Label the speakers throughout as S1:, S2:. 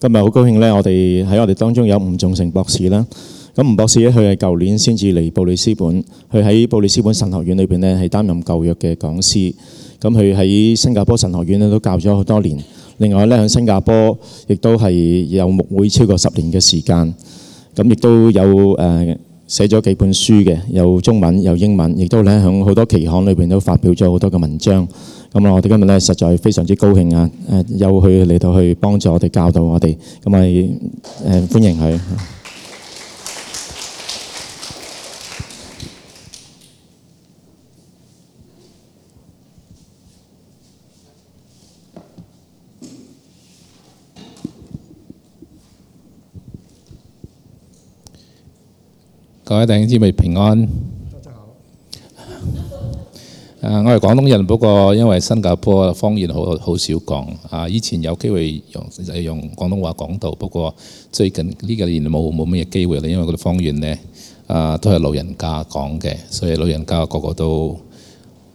S1: 今日好高興咧，我哋喺我哋當中有吳仲誠博士啦。咁吳
S2: 博士咧，佢係舊年先至嚟布里斯本，佢喺布里斯本神學院裏面咧係擔任舊約嘅講師。咁佢喺新加坡神學院咧都教咗好多年。另外咧喺新加坡亦都係有牧會超過十年嘅時間。咁亦都有
S1: 誒，寫咗幾本書嘅，有中文有英文，亦都喺好多期刊裏面都發表咗好多嘅文章。咁啊，我哋今日呢，實在非常之高興啊！有佢嚟到去幫助我哋，教導我哋，咁咪誒歡迎佢。
S2: 各位弟兄姊妹平安。早晨好、啊、我係廣東人，不過因為新加坡方言好好少講啊。以前有機會用用廣東話講到，不過最近呢個年冇冇乜嘢機會啦，因為嗰啲方言咧啊都係老人家講嘅，所以老人家個個都。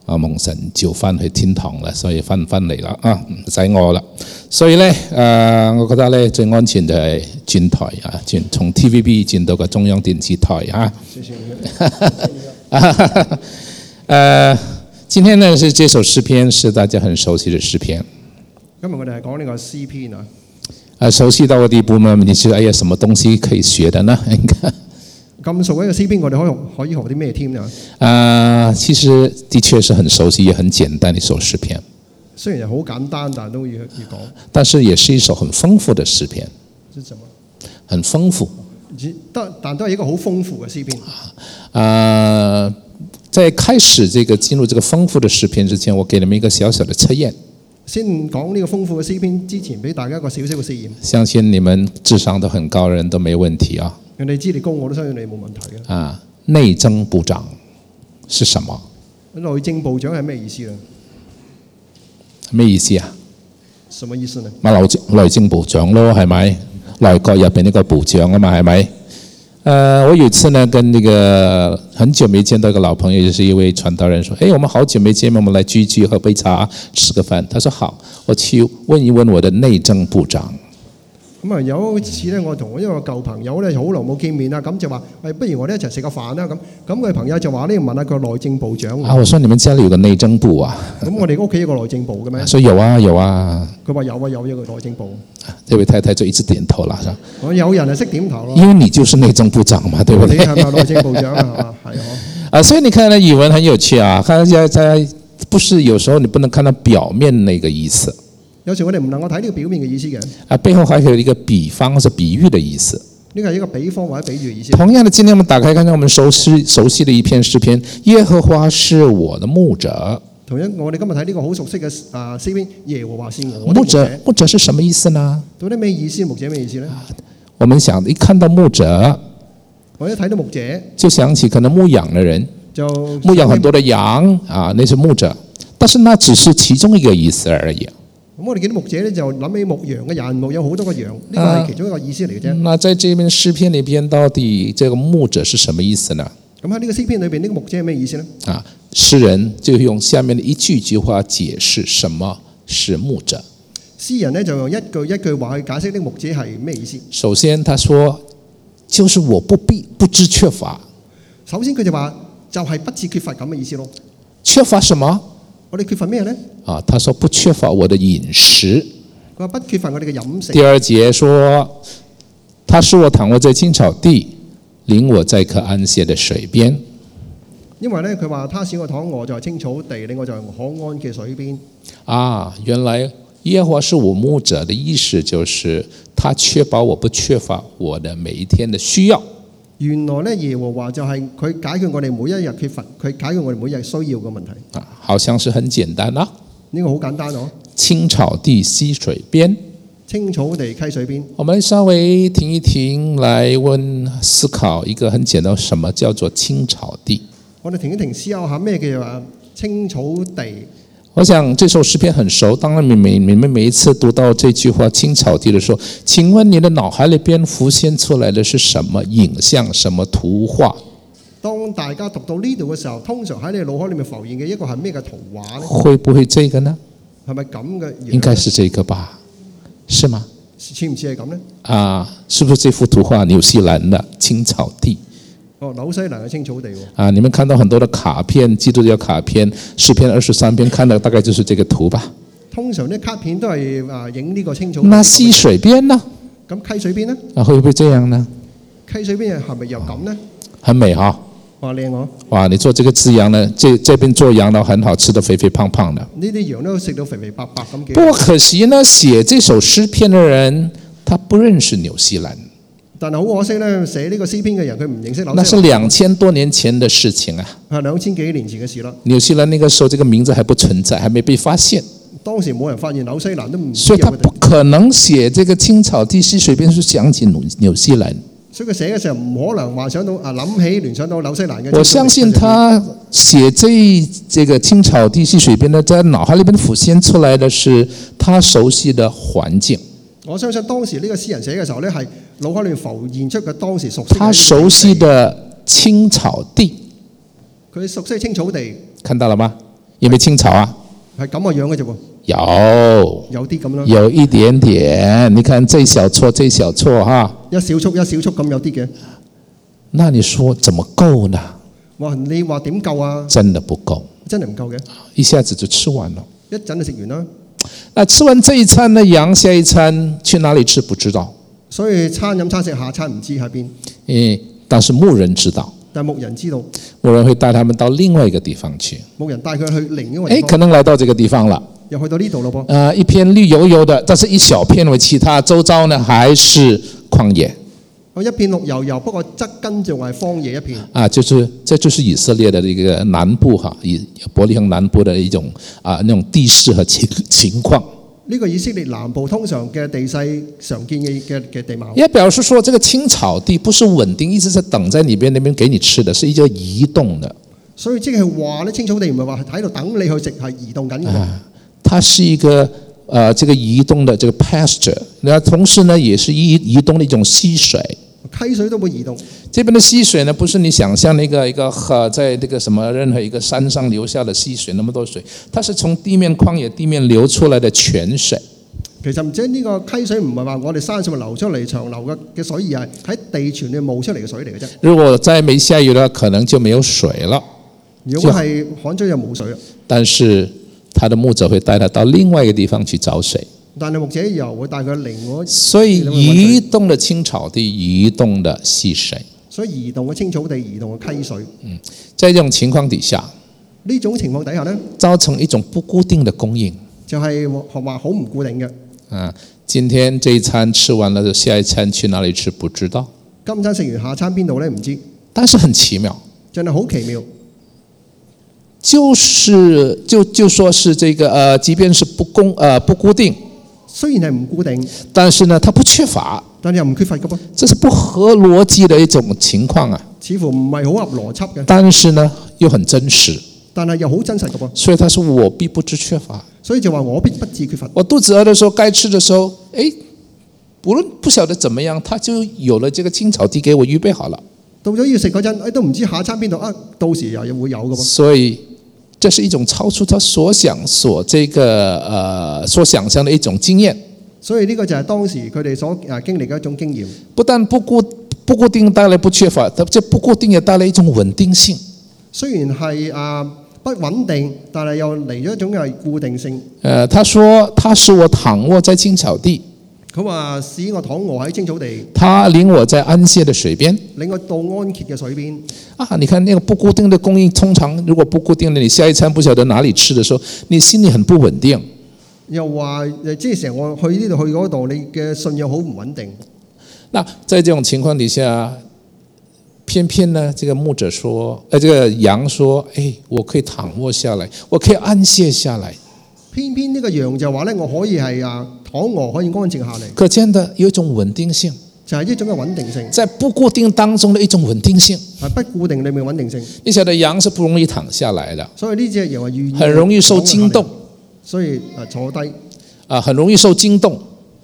S2: 啊！蒙神就返去天堂啦，所以返唔返嚟啦啊，唔使我啦。所以咧，誒，我覺得咧最安全就係轉台啊，轉從 TVB 轉到個中央電視台嚇。謝謝。誒，今天呢是這首詩篇，是大家很熟悉的詩篇。
S1: 今日我哋係講呢個詩篇
S2: 啊。誒，熟悉到個地步嘛？你知道有什麼東西可以學的呢？
S1: 咁熟一個詩篇，我哋可以學可以學啲咩添呀？啊、uh,，
S2: 其實的確是很熟悉，也很簡單嘅一首詩篇。
S1: 雖然好簡單，但都要要講。
S2: 但是也是一首很豐富嘅詩篇。是什麼？很豐富。
S1: 只但但都係一個好豐富嘅詩篇。啊、uh,，
S2: 在開始這個進入這個豐富嘅詩篇之前，我給你們一個小小的測驗。
S1: 先講呢個豐富嘅詩篇之前，俾大家一個小小嘅試驗。
S2: 相信你們智商都很高人，人都沒問題啊。
S1: 你知你高，我都
S2: 相信你冇問題嘅。啊，內政部長是什麼？
S1: 內政部
S2: 長係咩意思啊？咩意思啊？什麼意思呢？咪內政內政部長咯，係咪內閣入邊呢個部長啊嘛，係咪？誒、呃，我有一次呢，跟呢、那個很久沒見到一個老朋友，就是一位傳道人，說：，誒、欸，我們好久沒見面，我們來聚聚，喝杯茶，吃個飯。他說好，我去問一問我的內政部長。
S1: 咁啊！有一次咧，我同我一個舊朋友咧，好耐冇見面啦，咁就話：，喂、哎，不如我哋一齊食個飯啦！咁，咁佢朋友就話咧，問下個內政部長。啊，我說
S2: 你們家裡有個內政部啊？
S1: 咁、嗯、我哋屋企有個內政部嘅、啊、咩、 啊？所
S2: 以有啊，有啊。
S1: 佢話有啊，有一個內政部。啊，
S2: 這位太太就一直點頭啦，我、啊、
S1: 有人係識點頭咯、啊。因
S2: 為你就是內政部長嘛，對唔對？你係咪內政部長啊？啊，啊，所以你看到語文很有趣啊！佢在在，啊啊 啊啊、不是，有時候你不能看到表面那個意思。
S1: 有時 我哋唔能夠睇呢個表面嘅意思
S2: 嘅啊，背後還有一個比方，或者比喻的意思。
S1: 呢個係一個比方或者比喻嘅意思。同
S2: 樣的，今天我們打開，睇下我們熟悉熟悉的一篇詩篇，《耶和華是我的牧者》。
S1: 同樣，我哋今日睇呢個好熟悉嘅啊詩篇，《耶和華是我的牧者》牧者。
S2: 牧者是什麼意思呢？
S1: 到底咩意思？牧者咩意思呢？
S2: 我們想一看到牧者，
S1: 我一睇到牧者
S2: 就想起可能牧羊嘅人，
S1: 就牧
S2: 羊很多的羊啊，那些牧者。但是那只是其中一個意思而已。
S1: 咁我哋見到牧者咧，就諗起牧羊嘅人牧有好多個羊，呢個係其中一個意思
S2: 嚟嘅啫。那在這篇詩篇裏邊，到底這個牧者是什麼意思呢？
S1: 咁喺呢個詩篇裏邊，呢個牧者係咩意思咧？
S2: 啊，詩人就用下面嘅一句句話解釋什麼是牧者。
S1: 詩人咧就用一句一句話去解釋呢個牧者係咩意思。
S2: 首先他說，就是我不必不知缺乏。
S1: 首先佢就話，就係不知缺乏咁嘅意思咯。
S2: 缺乏什
S1: 麼？我哋缺乏咩咧？
S2: 啊，他說，不缺乏我的飲食。
S1: 佢話不缺乏我哋嘅飲食。第二
S2: 節說，他使我躺臥在青草地，領我在可安歇嘅水邊。
S1: 因為咧，佢話他，他我使我躺臥在青草地，領我在可安嘅水邊。
S2: 啊，原來耶和華是我牧者嘅意思，就是他確保我不缺乏我的每一天的需要。
S1: 原來咧，耶和華就係佢解決我哋每一日缺乏，佢解決我哋每日需要嘅問題。啊，
S2: 好像是很簡單啦、
S1: 啊。呢、這個好簡單哦、啊。
S2: 青草地溪水邊，
S1: 青草地溪水邊。
S2: 我們稍微停一停，來問思考一個很簡單，什麼叫做青草地？
S1: 我哋停一停思考下咩叫做，青草地。
S2: 我想這首詩篇很熟，當然每你們每一次讀到這句話“青草地”的時候，請問你的腦海裏邊浮現出來的是什麼影像、什麼圖畫？
S1: 當大家讀到呢度嘅時候，通常喺你腦海裏面浮現的一個係咩嘅圖畫呢？會不會這個呢係咪咁嘅樣？應該是
S2: 這個吧？是嗎？
S1: 似唔似係咁咧？
S2: 啊，是不是這幅圖畫？紐西蘭的青草地。
S1: 哦，紐西蘭嘅青草
S2: 地喎。啊，你們看到很多的卡片，基督教卡片，詩篇二十三篇，看到大概就是這個圖吧。
S1: 通常呢，卡片都係啊，影呢個青草地。那溪水邊呢？咁溪水邊呢？
S2: 啊，會唔會這樣呢？
S1: 溪水邊係咪又咁呢、啊？
S2: 很美嗬、啊。
S1: 哇靚
S2: 哦。哇，你做這個字羊呢？這這邊做羊呢，很好吃的，肥肥胖胖的。
S1: 呢啲羊都食到肥肥白白咁嘅。幾不過可
S2: 惜呢，寫這首詩篇的人，他不認識紐西蘭。
S1: 但好可惜呢，寫呢個詩篇嘅人佢唔認識紐西蘭。那是兩
S2: 千多年前嘅事情啊！
S1: 係兩千幾年前嘅事
S2: 咯。紐西蘭呢個時候，呢個名字還不存在，還沒被發現。
S1: 當時冇人發現紐西蘭都唔。所以，他不
S2: 可能寫這個青草地溪水邊，去想起紐西蘭。
S1: 所以佢寫嘅時候唔可能話想到啊，諗起聯想到紐西蘭嘅。我相信
S2: 他寫這一這個青草地溪水邊咧，在腦海裏邊浮現出來嘅，是他熟悉嘅環境。
S1: 我相信當時呢個詩人寫嘅時候咧，係腦海裏浮現出佢當時熟悉嘅他熟
S2: 悉的青草地，
S1: 佢熟悉青草地，
S2: 看到了嗎？有冇青草啊？
S1: 係咁個樣嘅啫喎。
S2: 有，有啲咁咯。有一點點，一點點，你看這小撮，這小撮嚇，
S1: 一小撮，一小撮咁有啲嘅。
S2: 那你說怎麼夠呢？
S1: 哇，你話點夠啊？
S2: 真的不夠，
S1: 真係唔夠嘅。
S2: 一下子就吃完了，
S1: 一陣就食完啦。
S2: 那吃完這一餐呢？羊下一餐去哪裏吃不知道，
S1: 所以餐飲餐食下餐唔知喺邊。嗯，
S2: 但是牧人知道。
S1: 但牧人知道，
S2: 牧人會帶他們到另外一個地方去。
S1: 牧人帶佢去另外一個地方。哎、欸，可能
S2: 來到這個地方了。
S1: 又去到呢度咯噃。啊、
S2: 呃，一片綠油油的，但是一小片為其他周遭呢？還是曠野。
S1: 一片綠油油，不過側根就係荒野一片。
S2: 啊，就是，這就是以色列的呢個南部哈，以伯利恒南部的一種啊，呢種地勢和情情況。
S1: 呢、這個以色列南部通常嘅地勢，常見嘅嘅嘅地貌。也
S2: 表示說，這個青草地不是穩定，一直在等在裏邊，那邊給你吃的，是一個移動的。
S1: 所以即係話呢，青草地唔係話喺度等你去食，係移動緊嘅。啊，
S2: 它是一個啊、呃，這個移動的這個 pasture，那同時呢，也是一移,移動的一種溪水。
S1: 溪水都會移動。
S2: 這邊的溪水呢，不是你想象一個一個河，在這個什麼任何一個山上流下的溪水那麼多水，它是從地面曠野地面流出來的泉水。
S1: 其實唔知呢個溪水唔係話我哋山上流出嚟長流嘅嘅水，而係喺地泉嘅冒出嚟嘅水嚟嘅啫。
S2: 如果再沒下雨咧，可能就沒有水啦。如
S1: 果係旱災就冇水啦。
S2: 但是他的牧者會帶他到另外一個地方去找水。
S1: 但係牧者以後帶佢嚟我。所以，移動嘅青草地，移動嘅溪水。所以
S2: 移動嘅青草地，移動嘅溪水。
S1: 所以移動嘅青草地，移動嘅溪水。嗯，
S2: 在這種情況底下，
S1: 呢種情況底下呢，
S2: 造成一種不固定的供應，
S1: 就係話好唔固定嘅。
S2: 啊，今天這一餐吃完了，下一餐去哪裏吃不知道。
S1: 今餐食完下餐邊度呢？唔知，
S2: 但是很奇妙，
S1: 真係好奇妙，
S2: 就是就就說是這個，呃，即便是不公，呃，不固定。雖然係唔固定，但是呢，它不缺乏。但是又唔缺乏噶噃。這是不合邏輯的一種情況啊。
S1: 似乎唔係好合邏輯嘅。但
S2: 是呢，又很真實。
S1: 但係又好真實噶噃。
S2: 所以他說我必不致缺乏。
S1: 所以就話我必不致缺乏。
S2: 我肚子餓的時候，該吃的時候，誒，無論不曉得怎麼樣，他就有了這個青草地給我預備好了。到咗要食嗰陣，誒，都唔知下餐邊度啊，到時又又會有噶噃。所以。這是一種超出他所想所這個，呃，所想象的一種經驗。所以呢個就係
S1: 當時佢哋所啊經歷嘅一種經驗。
S2: 不但不固不固定，帶嚟不缺乏，即不固定也帶來一種穩定性。
S1: 雖然係啊、呃、不穩定，但係又嚟咗一種嘅固定性。
S2: 呃，他說，他使我躺臥在青草地。
S1: 佢話使我躺臥喺青草地，
S2: 他領我在安歇嘅水邊，
S1: 領我到安歇嘅水邊。
S2: 啊，你看呢個不固定嘅供應，通常如果不固定咧，你下一餐不曉得哪裏吃嘅時候，你心裡很不穩定。
S1: 又話誒，即成日我去呢度去嗰度，你嘅信仰好唔穩定。
S2: 那在這種情況底下，偏偏呢，這個牧者說，誒、呃，這個羊說，誒、哎，我可以躺臥下來，我可以安歇下來。
S1: 偏偏呢個羊就話咧，我可以係啊躺卧可以安靜下嚟。
S2: 佢見得有一種穩定性，就係、是、一種嘅穩定性，即在不固定當中嘅一種穩定性，係不固定裏面穩定性。你知唔知羊是不容易躺下來的？所以呢隻羊話預，很容易受驚動。所以係坐低，啊很容易受驚動，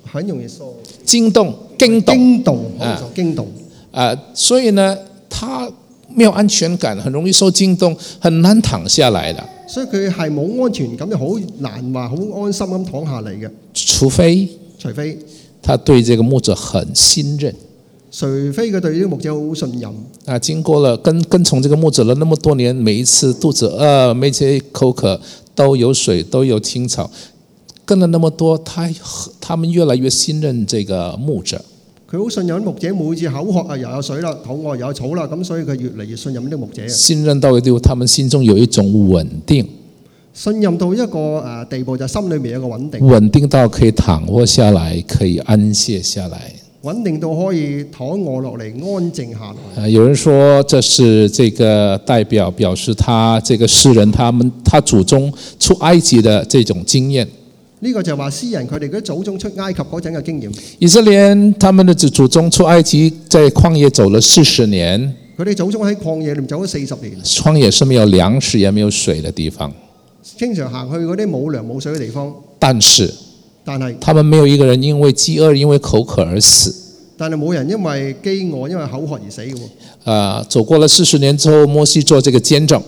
S2: 很容易受驚動，驚動，驚動，驚動啊！驚動啊！所以呢，他。沒有安全感，很容易受驚動，很難躺下來了。
S1: 所以，佢係冇安全感，就好難話好安心咁躺下嚟嘅。
S2: 除非，除非他對這個牧者很信
S1: 任。除非佢對呢個牧者好信任。
S2: 啊，經過了跟跟從這個牧者了那麼多年，每一次肚子餓，每次口渴，都有水，都有青草，跟了那麼多，他他們越來越信任這個牧者。
S1: 佢好信任啲牧者，每次口渴啊又有水啦，肚餓又有草啦，咁所以佢越嚟越信任呢啲牧者。
S2: 信任到佢哋，他們心中有一種穩定。
S1: 信任到一個誒地步，就是，心裏面有個穩定。穩
S2: 定到可以躺臥下來，可以安歇下來。
S1: 穩定到可以躺臥落嚟，安靜下來。有
S2: 人說，這是這個代表表示他這個詩人，他們，他祖宗出埃及的這種經驗。
S1: 呢、這個就係話，詩人佢哋嗰啲祖宗出埃及嗰陣嘅經驗。
S2: 以色列，他們的祖宗出埃及，埃及在曠野走了四十年。
S1: 佢哋祖宗喺曠野裏面走咗四十年。
S2: 曠野是沒有糧食，也沒有水嘅地方。
S1: 經常行去嗰啲冇糧冇水嘅地方。
S2: 但是，但係，他們沒有一個人因為飢餓因為口渴而死。
S1: 但係冇人因為飢餓因為口渴而死嘅喎。啊、
S2: 呃，走過了四十年之後，摩西做這個監政。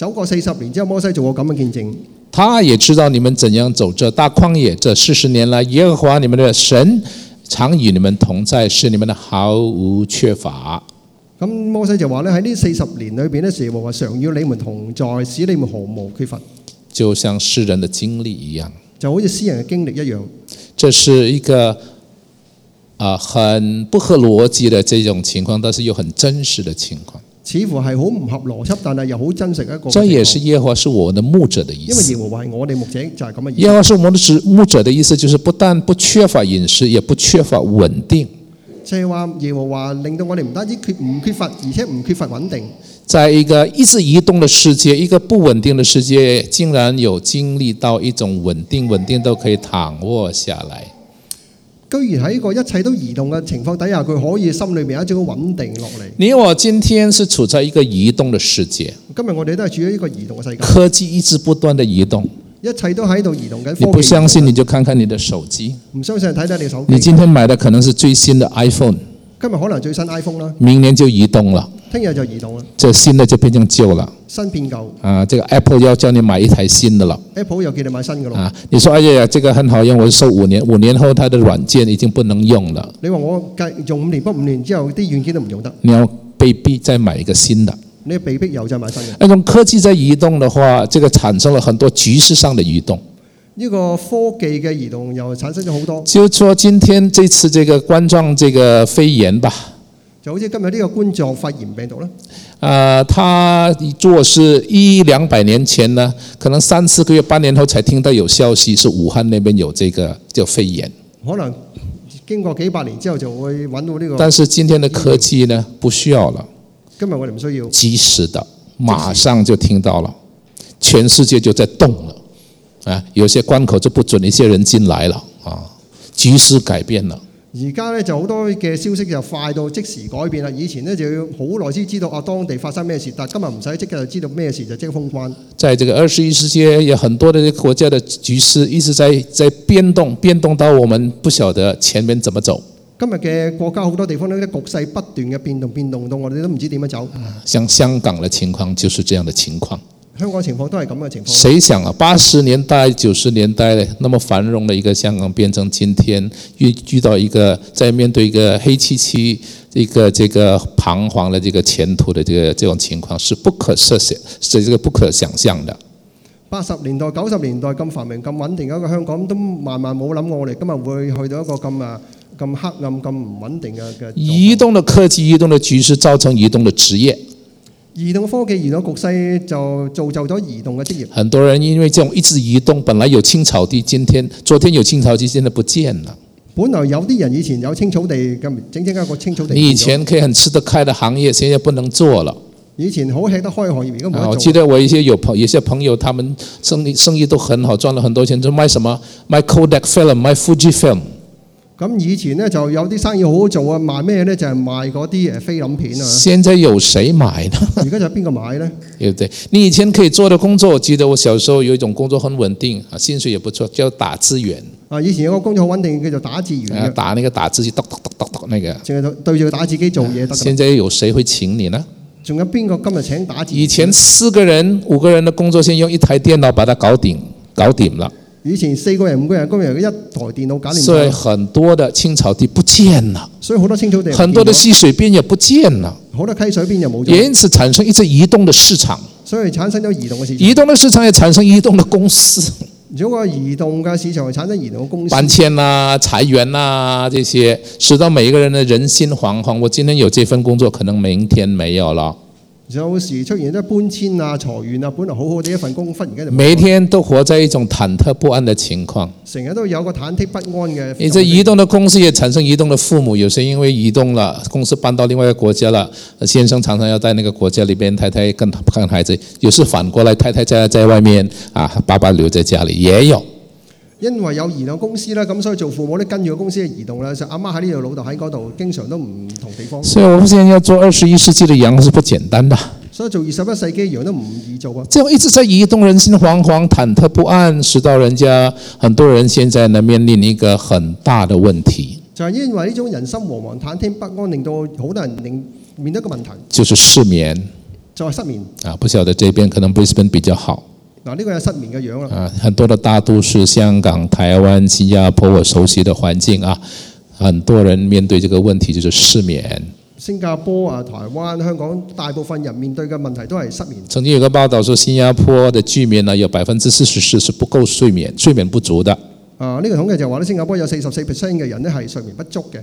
S1: 走過四十年之後，摩西做過咁嘅見證。
S2: 他也知道你們怎樣走這大曠野。這四十年來，耶和華你們的神常與你們同在，使你們的毫無缺乏。
S1: 咁摩西就話咧，喺呢四十年裏邊咧，耶和華常與你們同在，使你們毫無缺乏。
S2: 就像世人的經歷一樣，
S1: 就好似詩人的經歷一樣。
S2: 這是一個啊、呃，很不合邏輯的這種情況，但是又很真實的情況。
S1: 似乎係好唔合邏輯，但係又好真實一個。這也
S2: 是耶和華是我的牧者的意思。因
S1: 為耶和華係我哋牧者，就係咁嘅意思。耶和華是
S2: 我們的植牧者的意思，就是不但不缺乏飲食，也不缺乏穩定。
S1: 就係、是、話耶和華令到我哋唔單止缺唔缺乏，而且唔缺乏穩定。
S2: 在一個一直移動的世界，一個不穩定的世界，竟然有經歷到一種穩定，穩定都可以躺卧下來。
S1: 居然喺個一切都移動嘅情況底下，佢可以心裏面一直穩定落嚟。
S2: 你我今天是處在一個移動嘅世界。
S1: 今日我哋都係處喺一個移動
S2: 嘅世界。科技一直不斷的移動，
S1: 一切都喺度移動嘅。你不相
S2: 信你就看看你的手機。
S1: 唔相信就睇睇你的手機。你
S2: 今天買的可能是最新的 iPhone。
S1: 今日可能最新 iPhone 啦，
S2: 明年就移動啦，
S1: 聽日就移動
S2: 啦，即係新的就變成舊啦，
S1: 新變舊。
S2: 啊，這個 Apple 要叫你買一台新的啦
S1: ，Apple 又叫你買新嘅啦。
S2: 啊，你話哎呀，呀，這個很好用，我收五年，五年後它的軟件已經不能用了。
S1: 你話我用五年，不五年之後啲軟件都唔用得，
S2: 你要被逼再買一個新的，
S1: 你要被逼又再買新
S2: 嘅。嗰種科技在移動的話，這個產生了很多局勢上的移動。
S1: 呢、這個科技嘅移動又產生咗好多。
S2: 就說今天這次這個冠狀這個肺炎吧。
S1: 就好似今日呢個冠狀肺炎病毒啦。
S2: 啊，他做是一兩百年前呢，可能三四個月、半年後才聽到有消息，是武漢嗰邊有這個叫肺炎。
S1: 可能經過幾百年之後就會搵到呢個。但是今天的科技
S2: 呢，不需要了。今日我哋唔需要。即時的，馬上就聽到了，全世界就在動了。啊，有些關口就不准一些人進來了啊，局勢改變了。
S1: 而家呢，就好多嘅消息就快到即時改變啦。以前呢，就要好耐先知道啊，當地發生咩事，但今日唔使，即刻就知道咩事就即刻封關。
S2: 在這個二十一世紀，有很多的國家的局勢一直在在變動，變動到我們不曉得前面怎麼走。
S1: 今日嘅國家好多地方呢，局勢不斷嘅變動，變動到我哋都唔知點樣
S2: 走。啊，像香港嘅情況就是這樣的情況。
S1: 香港情況都係咁嘅情
S2: 況。誰想啊？八十年代、九十年代呢，那麼繁榮嘅一個香港，變成今天遇遇到一個，在面對一個黑漆漆一個這個彷徨嘅這個前途嘅這個這種情況，是不可設想，是這個不可想象的。
S1: 八十年代、九十年代咁繁榮、咁穩定嘅一個香港，都慢慢冇諗過我哋今日會去到一個咁啊咁黑暗、咁唔穩定嘅
S2: 嘅。移動嘅科技，移動嘅局勢，造成移動嘅職業。
S1: 移動科技移動局勢就造就咗移動嘅職業。
S2: 很多人因為這種一直移動，本來有青草地，今天、昨天有青草地，現在不見了。
S1: 本來有啲人以前有青草地，今天整一個青草地。你以前可
S2: 以很吃得開的行業，現在不能做了。
S1: 以前好吃得開行業，因為、啊、我記
S2: 得我一些有朋友有些朋友，他們生意生意都很好，賺了很多錢，就賣什麼賣 Kodak film，賣 Fuji film。
S1: 咁以前呢就有啲生意好好做啊，賣咩呢？就係、是、賣嗰啲誒菲林片啊。現
S2: 在有誰買呢？而
S1: 家就係邊個買呢？
S2: 有啲，你以前可以做的工作，我記得我小時候有一種工作很穩定，啊，薪水也不錯，叫打字員。
S1: 啊，以前有個工作好穩定，叫做打字員、啊、
S2: 打那個打字機，打打打打打那個。
S1: 仲係對住打字機做嘢、啊。現
S2: 在有誰會請你呢？仲有邊個今日請打字員？以前四個人、五個人的工作先用一台電腦把它搞掂，搞掂啦。
S1: 以前四個人、五個人、工人嘅一台電腦搞掂曬。所以
S2: 很多的青草地不見啦。
S1: 所以好多青草地。很多的溪
S2: 水邊也不見啦。
S1: 好多溪水邊又
S2: 冇咗。也因此產生一次移動的市場。
S1: 所以產生咗移動嘅市場。移動
S2: 嘅市場也產生移動嘅公司。
S1: 如果移動嘅市場產生移動嘅公司，搬遷
S2: 啦、裁員啦、啊，這些使到每一個人的人心惶惶。我今天有這份工作，可能明天沒有了。
S1: 有時出現咗搬遷啊、裁員啊，本來好好啲一份工，忽然間就……每天
S2: 都活在一種忐忑不安的情況，
S1: 成日都有個忐忑不安嘅。你這移
S2: 動的公司也產生移動的父母，有時因為移動了，公司搬到另外一個國家了，先生常常要在那個國家裏邊，太太跟看孩子，有時反過來太太在在外面啊，爸爸留在家裡也有。
S1: 因為有移動公司啦，咁所以做父母咧跟住個公司嘅移動啦。就阿媽喺呢度，老豆喺嗰度，經常都唔同地方。所以，我們現在
S2: 要做二十一世紀嘅羊，是不簡單的。
S1: 所以做二十一世紀羊，都唔易做啊。這樣一
S2: 直在移動，人心惶惶、忐忑不安，使到人家很多人現在呢面臨一個很大的問題。
S1: 就係、是、因為呢種人心惶惶、忐忑不安，令到好多人面對一個問題，
S2: 就是失眠。
S1: 就係、是、失眠。
S2: 啊，不曉得這邊可能 Brisbane 比較好。
S1: 嗱，呢個係失眠嘅樣啦。
S2: 啊，很多的大都市，香港、台灣、新加坡，我熟悉的環境啊，很多人面對這個問題就是失眠。
S1: 新加坡啊、台灣、香港，大部分人面對嘅問題都係失眠。
S2: 曾經有個報道說，新加坡嘅居民呢，有百分之四十四是不夠睡眠，睡眠不足的。
S1: 啊，呢、這個統計就話咧，新加坡有四十四 percent 嘅人咧係睡眠不足嘅。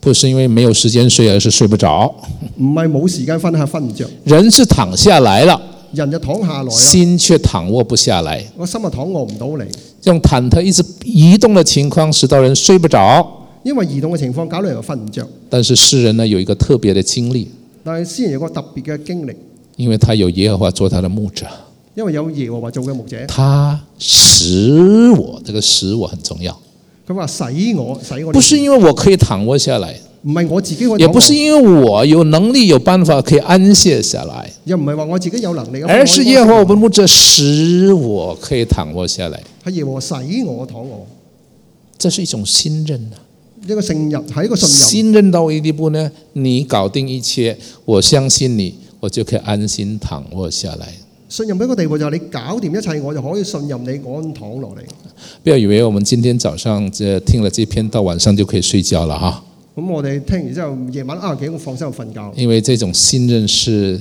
S2: 不是因為沒有時間睡，而是睡不着，唔係冇時間瞓，係瞓唔着。人是躺下來了。
S1: 人就躺下來啦，心
S2: 卻躺臥不下來。
S1: 我心就躺臥唔到嚟。
S2: 用忐忑一直移動的情況，使到人睡不着。
S1: 因為移動嘅情況搞到人又瞓唔着。
S2: 但是詩人呢有一個特別嘅經歷。
S1: 但係詩人有一個特別嘅經歷。
S2: 因為他有耶和華做他的牧者。
S1: 因為有耶和華做嘅牧者。
S2: 他使我，這個使我很重要。
S1: 佢話使我，使我。不是因
S2: 為我可以躺臥下來。
S1: 唔係我自己，我。也不是因
S2: 為我有能力有辦法可以安歇下來，
S1: 又唔係話我自己有能力。而是耶
S2: 和華不只使我可以躺臥下來，
S1: 係耶和使我躺臥。這是一種信任啊，一個信任係一個信任。信
S2: 任到一個地步呢？你搞定一切，我相信你，我就可以安心躺臥下來。
S1: 信任一個地步就係你搞掂一切，我就可以信任你，安躺落嚟。
S2: 不要以為我們今天早上即係聽了這篇，到晚上就可以睡覺了，哈。
S1: 咁我哋聽完之後，夜晚啊幾，我放心去瞓覺。
S2: 因為這種信任是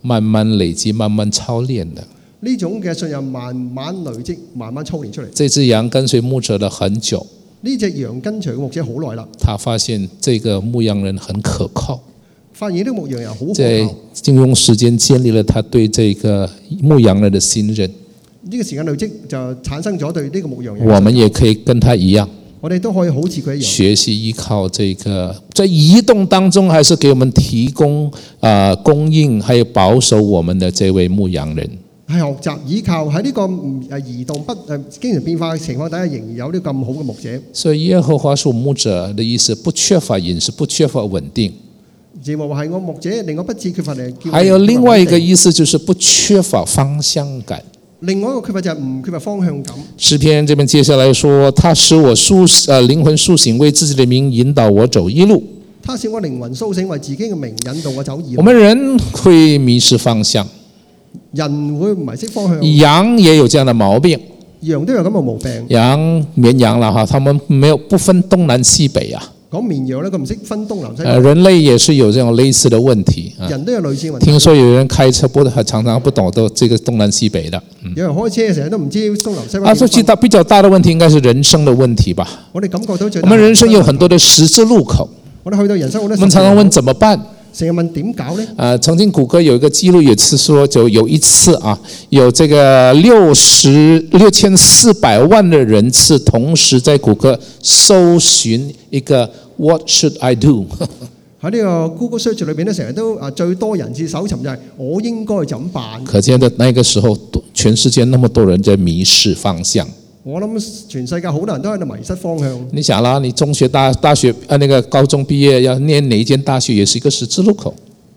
S2: 慢慢累積、慢慢操練的。
S1: 呢種嘅信任慢慢累積、慢慢操練出嚟。
S2: 這隻羊跟隨牧者了很久。
S1: 呢隻羊跟隨牧者好耐啦。
S2: 他發現這個牧羊人很可靠。
S1: 發現呢個牧羊人好可靠。在
S2: 經用時間建立了他對這個牧羊人的信任。
S1: 呢、這個時間累積就產生咗對呢個牧羊人。我們
S2: 也可以跟他一樣。
S1: 我哋都可以好似佢一樣，學
S2: 習依靠這個，在移動當中，還是給我們提供啊、呃、供應，還有保守我們的這位牧羊人。
S1: 係學習依靠喺呢個移動不誒經常變化嘅情況底下，仍然有啲咁好嘅牧者。
S2: 所以耶和華做牧者的意思，不缺乏飲食，不缺乏穩定。
S1: 亦或係我牧者令我不致缺乏嘅。
S2: 還有另外一個意思，就是不缺乏方向感。
S1: 另外一個缺乏就係唔缺乏方向感。
S2: 詩篇這邊接下來說，他使我靈甦醒，呃，靈魂甦醒，為自己的名引導我走義路。
S1: 他使我靈魂甦醒，為自己嘅名引導我走義路。我們人
S2: 會迷失方向，
S1: 人會迷失方向。
S2: 羊也有這樣的毛病，
S1: 羊都有咁個毛病。
S2: 羊，綿羊啦，哈，他們沒有不分東南西北啊。
S1: 講綿羊呢，佢唔識分東南西北。人
S2: 類也是有這種類似的問題，的
S1: 問題聽
S2: 說，有人開車不，常常不懂得這個東南西北的。嗯、
S1: 有人開車常常都不知東南西北。啊、其他
S2: 比較大的問題應該是人生的問題吧
S1: 我。我們人生有
S2: 很多的十字路口。
S1: 我們，我們，我們常常問怎麼辦成日問點搞呢？
S2: 誒，曾經谷歌有一個記錄，也是說，就有一次啊，有這個六十六千四百萬的人次同時在谷歌搜尋一個 What should I do？
S1: 喺呢個 Google Search 裏面，咧，成日都啊最多人次搜尋就係、是、我應該怎辦的？可
S2: 見到那個時候，全世界那麼多人在迷失方向。
S1: 我諗全世界好多人都喺度迷失方向。
S2: 你想啦，你中學大大學啊，那個高中畢業要念哪一間大學，也是一個十字路口。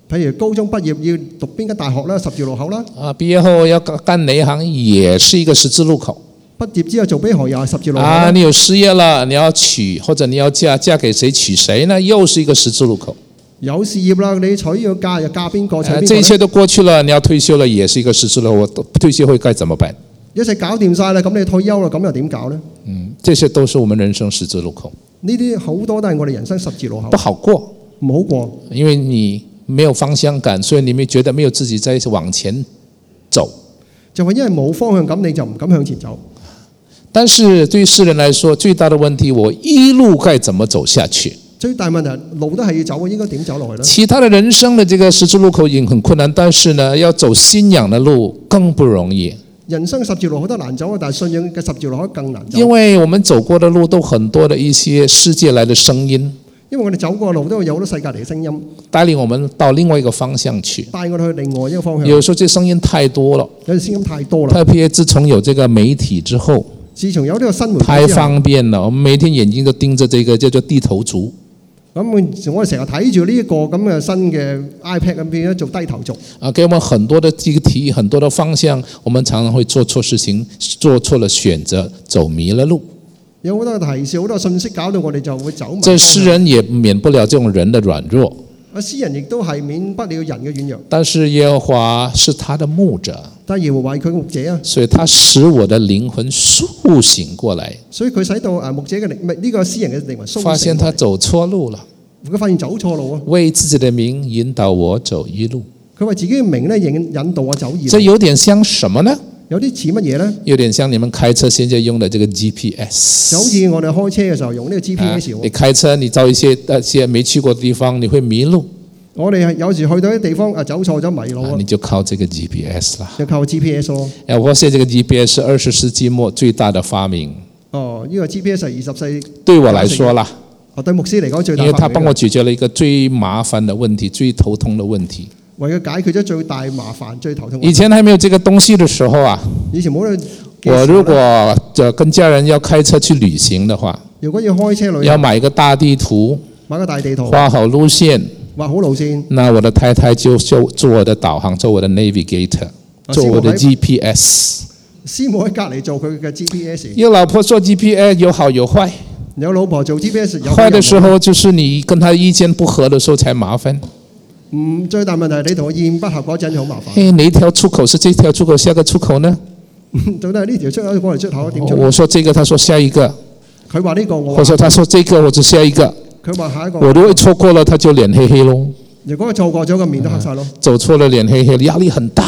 S1: 譬如高中畢業要讀邊間大學啦，十字路口啦。
S2: 啊，畢業後要幹哪一行，也是一個十字路口。
S1: 畢業之後做邊行也係十字路口。啊，你
S2: 有事業啦，你要娶或者你要嫁，嫁給誰娶誰呢？又是一個十字路口。
S1: 有事業啦，你娶要嫁又嫁邊個娶、啊？這些
S2: 都過去了，你要退休了，也是一個十字路口。我退休會該怎麼辦？
S1: 一切搞掂晒啦，咁你退休啦，咁又點搞呢？嗯，
S2: 這些都是我們人生十字路口。
S1: 呢啲好多都係我哋人生十字路口。不
S2: 好過，唔好過，因為你沒有方向感，所以你咪覺得沒有自己在往前走。
S1: 就係因為冇方向感，你就唔敢向前
S2: 走。但是對於世人來說，最大的問題，我一路該怎麼走下去？
S1: 最大問題，路都係要走嘅，應該點走落去呢？其
S2: 他的人生的這個十字路口已經很困難，但是呢，要走信仰的路更不容易。
S1: 人生十字路口都難走啊，但係信仰嘅十字路口更難走。
S2: 因為我們走過的路都很多的一些世界來的聲音。
S1: 因為我哋走過嘅路都有好多世界嚟嘅聲音，
S2: 帶領我們到另外一個方向去。帶
S1: 我哋去另外一個方向。有時候
S2: 這聲音太多了，
S1: 有啲聲音太多了。特
S2: 別自從有這個媒體之後，
S1: 自從有呢個新聞，太方
S2: 便了，我們每天眼睛都盯着這個叫做低頭族。
S1: 咁我成日睇住呢一個咁嘅新嘅 iPad 咁樣做低頭
S2: 族。啊，給我們很多的這個提議，很多的方向，我們常常會做錯事情，做錯了選擇，走迷了路。
S1: 有好多提示，好多信息，搞到我哋就會走迷路。這詩
S2: 人也免不了這種人的軟弱。
S1: 啊！詩人亦都係免不了人嘅軟弱，
S2: 但是耶和華是他的牧者，
S1: 但耶和華係佢牧者啊，
S2: 所以他使我的靈魂甦醒過來，
S1: 所以佢使到啊牧者嘅靈，呢、這個詩人嘅靈魂甦醒過來，發現他
S2: 走錯路啦，如果發現走錯路啊，為自己的名引導我走義路，佢
S1: 為自己嘅名咧引引導我走義路，這有點
S2: 像什麼咧？
S1: 有啲似乜嘢咧？
S2: 有點像你們開車現在用的這個 GPS。就好
S1: 似我哋開車嘅時候用呢個 GPS，啊。
S2: 你開車，你到一些但係未去過的地方，你會迷路。
S1: 我哋有時去到啲地方啊，走錯咗迷路，啊。
S2: 你就靠這個 GPS 啦。就靠 GPS 咯，啊。我我發現這個 GPS 係二十世紀末最大的發明。
S1: 哦，呢個 GPS 係二十世紀。
S2: 對我來說啦。哦，對牧師嚟講最大。因為他幫我解決了一個最麻煩的問題，最頭痛的問題。
S1: 為佢解決咗最大麻煩、最頭痛。以
S2: 前還沒有這個東西的時候啊，以前冇。我如果就跟家人要開車去旅行的話，
S1: 如果要開車旅行，要買
S2: 一個大地圖，買個大地圖，畫好路線，
S1: 畫好路線。
S2: 那我的太太就就做我的導航，做我的 navigator，做我的 GPS。
S1: 師母喺隔離做佢嘅 GPS。
S2: 有老婆做 GPS 有好有壞，
S1: 有老婆做 GPS。有壞的時候
S2: 就是你跟她意見不合的時候才麻煩。
S1: 唔，最大問題係你同我意見不合嗰陣
S2: 就好麻煩。誒，哪一條出口是這條出口，下個出口呢？
S1: 到底係呢條出口過嚟出口？點、哦、我
S2: 說這個，他說下一個。
S1: 佢話呢個我。說，他說這
S2: 個，我指、這個、下一個。
S1: 佢話下一個。我如果
S2: 錯過了，他就臉黑黑咯。
S1: 如果我錯過咗，個面都黑晒咯、嗯。
S2: 走錯了，臉黑黑，壓力很大。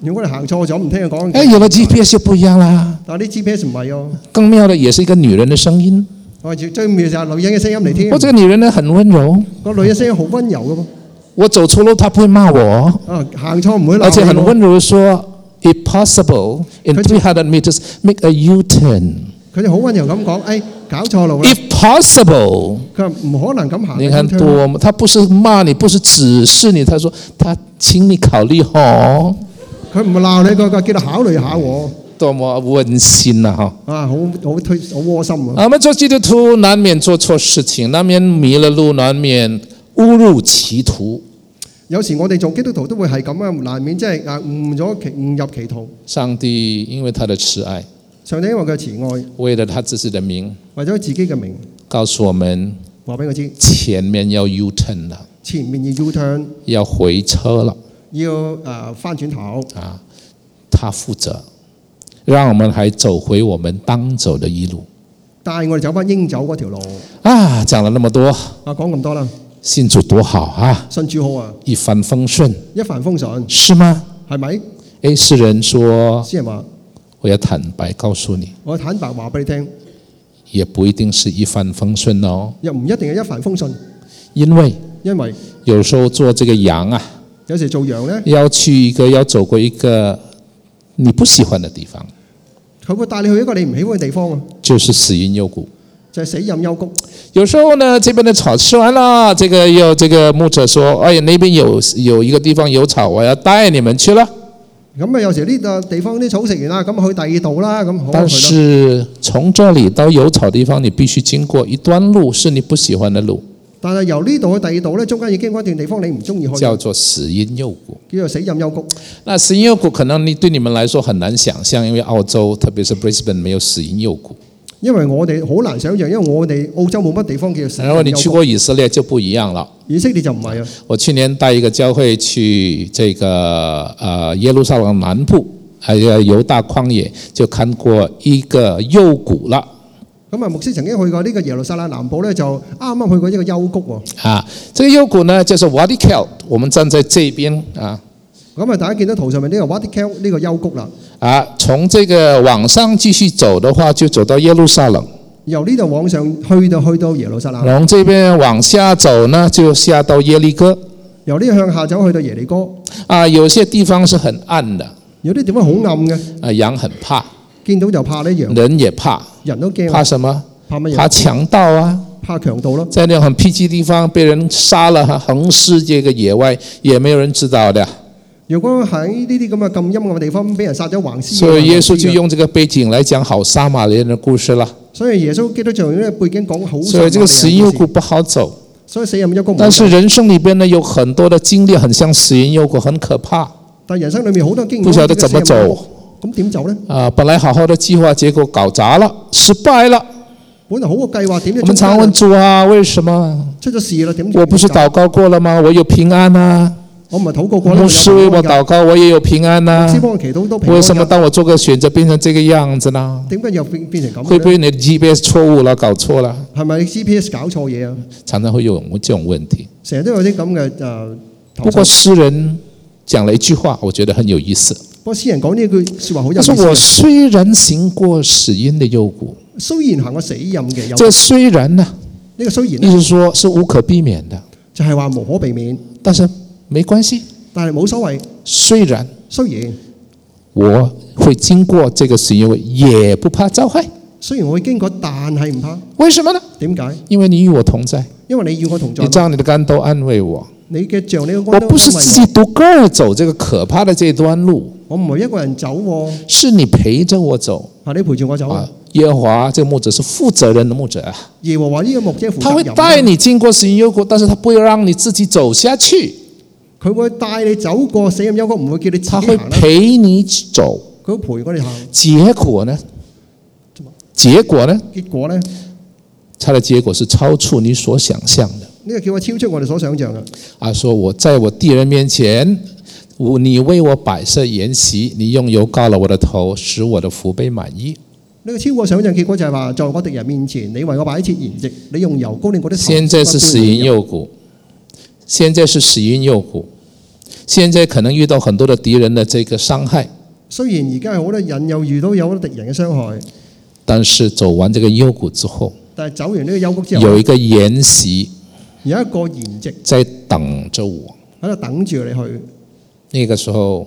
S1: 如果你行錯咗，唔聽佢講。誒、哎，有了 G P
S2: S 就不一樣啦。
S1: 但係呢 G P S 唔係哦。
S2: 更妙的，也是一個女人嘅聲音、
S1: 哦。最妙就係女人嘅聲音嚟聽。我、嗯哦這個女人
S2: 呢，很温柔。
S1: 這個女人聲音好温柔嘅噃。
S2: 我走錯路，他不會罵我。啊，行錯唔會鬧你。而且很溫柔說，說：If possible, in 300 metres, make a U turn。
S1: 佢就好溫柔咁講：哎，搞
S2: 錯路啦。If possible，佢話唔可能咁行。你看多麼，他不是罵你，不是指示你，佢話：他請你考慮下。佢唔鬧你，個個叫你考慮一下我。多麼溫馨啊！嗬。啊，好
S1: 好推好窩心、啊。我
S2: 們做基督徒，難免做錯事情，難免迷了路，難免。誤入歧途，
S1: 有時我哋做基督徒都會係咁啊，難免即係啊誤咗其誤入歧途。
S2: 上帝因為他的慈愛，上帝因為佢嘅慈愛，為了他自己的名，
S1: 為咗自己嘅名，
S2: 告訴我們話俾我知，前面要 U turn 啦，
S1: 前面要 U turn，
S2: 要回車了，
S1: 要啊返轉頭啊，
S2: 他負責，讓我們還走回我們當走的一路，
S1: 帶我哋走翻應走嗰條路
S2: 啊。講了那麼多，
S1: 啊，講咁多啦。
S2: 信主多好啊！
S1: 信主好啊！
S2: 一帆風順。
S1: 一帆風順。是嗎？係咪？
S2: 哎，世人說。世人話：我要坦白告訴你。
S1: 我要坦白話俾你聽，
S2: 也不一定是一帆風順咯、
S1: 哦。又唔一定係一帆風順，
S2: 因為因為有時候做這個羊啊，
S1: 有時做羊
S2: 呢，要去一個要走過一個你不喜歡的地方。
S1: 佢會帶你去一個你唔喜歡嘅地方啊。
S2: 就是死蔭幽谷。
S1: 就是、死陰幽谷，
S2: 有時候呢，這邊的草吃完了，這個又這個牧者說：哎呀，那邊有有一個地方有草，我要帶你們去了。
S1: 咁啊，有時呢個地方啲草食完啦，咁去第二度啦，咁好。但是
S2: 從這裏到有草的地方，你必須經過一段路，是你不喜歡的路。
S1: 但係由呢度去第二度呢，中間已經過一段地方你唔中意去。叫
S2: 做死陰幽谷，叫做死陰幽谷。那死陰幽谷，谷可能你對你們來說很難想象，因為澳洲，特別是 Brisbane 沒有死陰幽谷。
S1: 因為我哋好難想像，因為我哋澳洲冇乜地方叫神。然後你去過
S2: 以色列就不一樣啦。
S1: 以色列就唔係啊。
S2: 我去年帶一個教會去這個啊、呃、耶路撒冷南部，喺、啊、猶大荒野就看過一個幽谷啦。
S1: 咁啊，牧師曾經去過呢個耶路撒冷南部咧，就啱啱去過一個幽谷喎。
S2: 啊，這個幽谷呢，就是 Wadi Kelt，我們站在這邊啊。
S1: 咁啊！大家見到圖上面呢個瓦迪卡呢個幽谷啦。
S2: 啊，從這個往上繼續走的話，就走到耶路撒冷。
S1: 由呢度往上，去到去到耶路撒冷。
S2: 從這邊往下走呢，就下到耶利哥。
S1: 由呢度向下走去到耶利哥。
S2: 啊，有些地方是很暗的。有啲地方好暗嘅。啊，羊很怕。見到就怕呢，羊。人也怕。
S1: 人都驚。怕什麼？怕乜嘢？怕強盜啊。怕強盜咯。
S2: 在啲很僻靜地方，被人殺了，橫屍這個野外，也沒有人知道嘅。啊。
S1: 如果喺呢啲咁嘅咁陰暗嘅地方，俾人殺咗橫屍，所以耶穌就用
S2: 呢個背景嚟講好撒馬利亞人的故事啦。
S1: 所以耶穌基督就用呢個背景講好。所以呢個死蔭幽谷不好走。所以死蔭幽谷唔好走。但是人
S2: 生裏邊呢，有很多嘅經歷很像死蔭幽谷，很可怕。
S1: 但人生裏面好多經歷，唔曉得怎麼走。咁點走呢？
S2: 啊，本來好好的計劃，結果搞砸啦，失敗啦。
S1: 本來好嘅計劃，點？我們常問主
S2: 啊，為什麼
S1: 出咗事啦？點？我不是禱
S2: 告過了嗎？我有平安啊。
S1: 我們係討個講，我也有平安我先幫佢祈禱都都平安、啊。為什麼
S2: 當我做個選擇變成這個樣子呢？
S1: 呢會不會你
S2: 的會會你 GPS 錯誤了搞錯啦？
S1: 係咪 GPS 搞錯嘢啊？
S2: 常常會有這種問題。
S1: 常常問題常常呃、不過
S2: 詩人講了一句話，我覺得很有意思。不
S1: 過詩人講這句好。是我雖
S2: 然行過死陰的幽谷，
S1: 雖然行過死陰這
S2: 雖然呢、啊？
S1: 這個、雖然、啊、意思說
S2: 是無可避免的，就係、是、話無可避免，但是。沒關係，但係冇所謂。
S1: 雖然雖然
S2: 我會經過這個死蔭幽谷，也不
S1: 怕遭害。雖然我會經過，但係唔怕。為什麼呢？點解？因為你與我同在，因為你與我同在。你杖
S2: 你，你，你的竿都安慰我，
S1: 我不是自己
S2: 獨個兒走這個可怕的這段路，我唔係一個人走、哦，是你陪着我走。係你陪着我走啊，啊，耶和華這個牧者是負責任的牧者。耶和華呢個他會帶你經過死蔭幽谷，但是他不會讓你自己走下去。佢會帶你走過死陰幽谷，唔會叫你走。佢會陪你走，
S1: 佢會陪我哋行。
S2: 結果呢？結果呢？結果呢？他的結果是超出你所想象的。
S1: 呢、這個叫我超出我哋所想像啊！
S2: 啊，說我在我敵人面前，我你為我擺設筵席，你用油膏了我的頭，使我的福杯滿溢。呢、
S1: 這個超出想象，結果就係話，在我敵人面前，你為我擺設筵席，你用油膏，你我得？頭。現在是死陰
S2: 幽谷，現在是死陰幽谷。現在可能遇到很多的敵人的這個傷害，
S1: 雖然而家係好多人又遇到有好多敵人嘅傷害，
S2: 但是走完這個幽谷之後，
S1: 但係走完呢個幽谷之後，有一個
S2: 筵席，
S1: 有一個筵席
S2: 在等着我，喺度等住你去，呢、那個時候。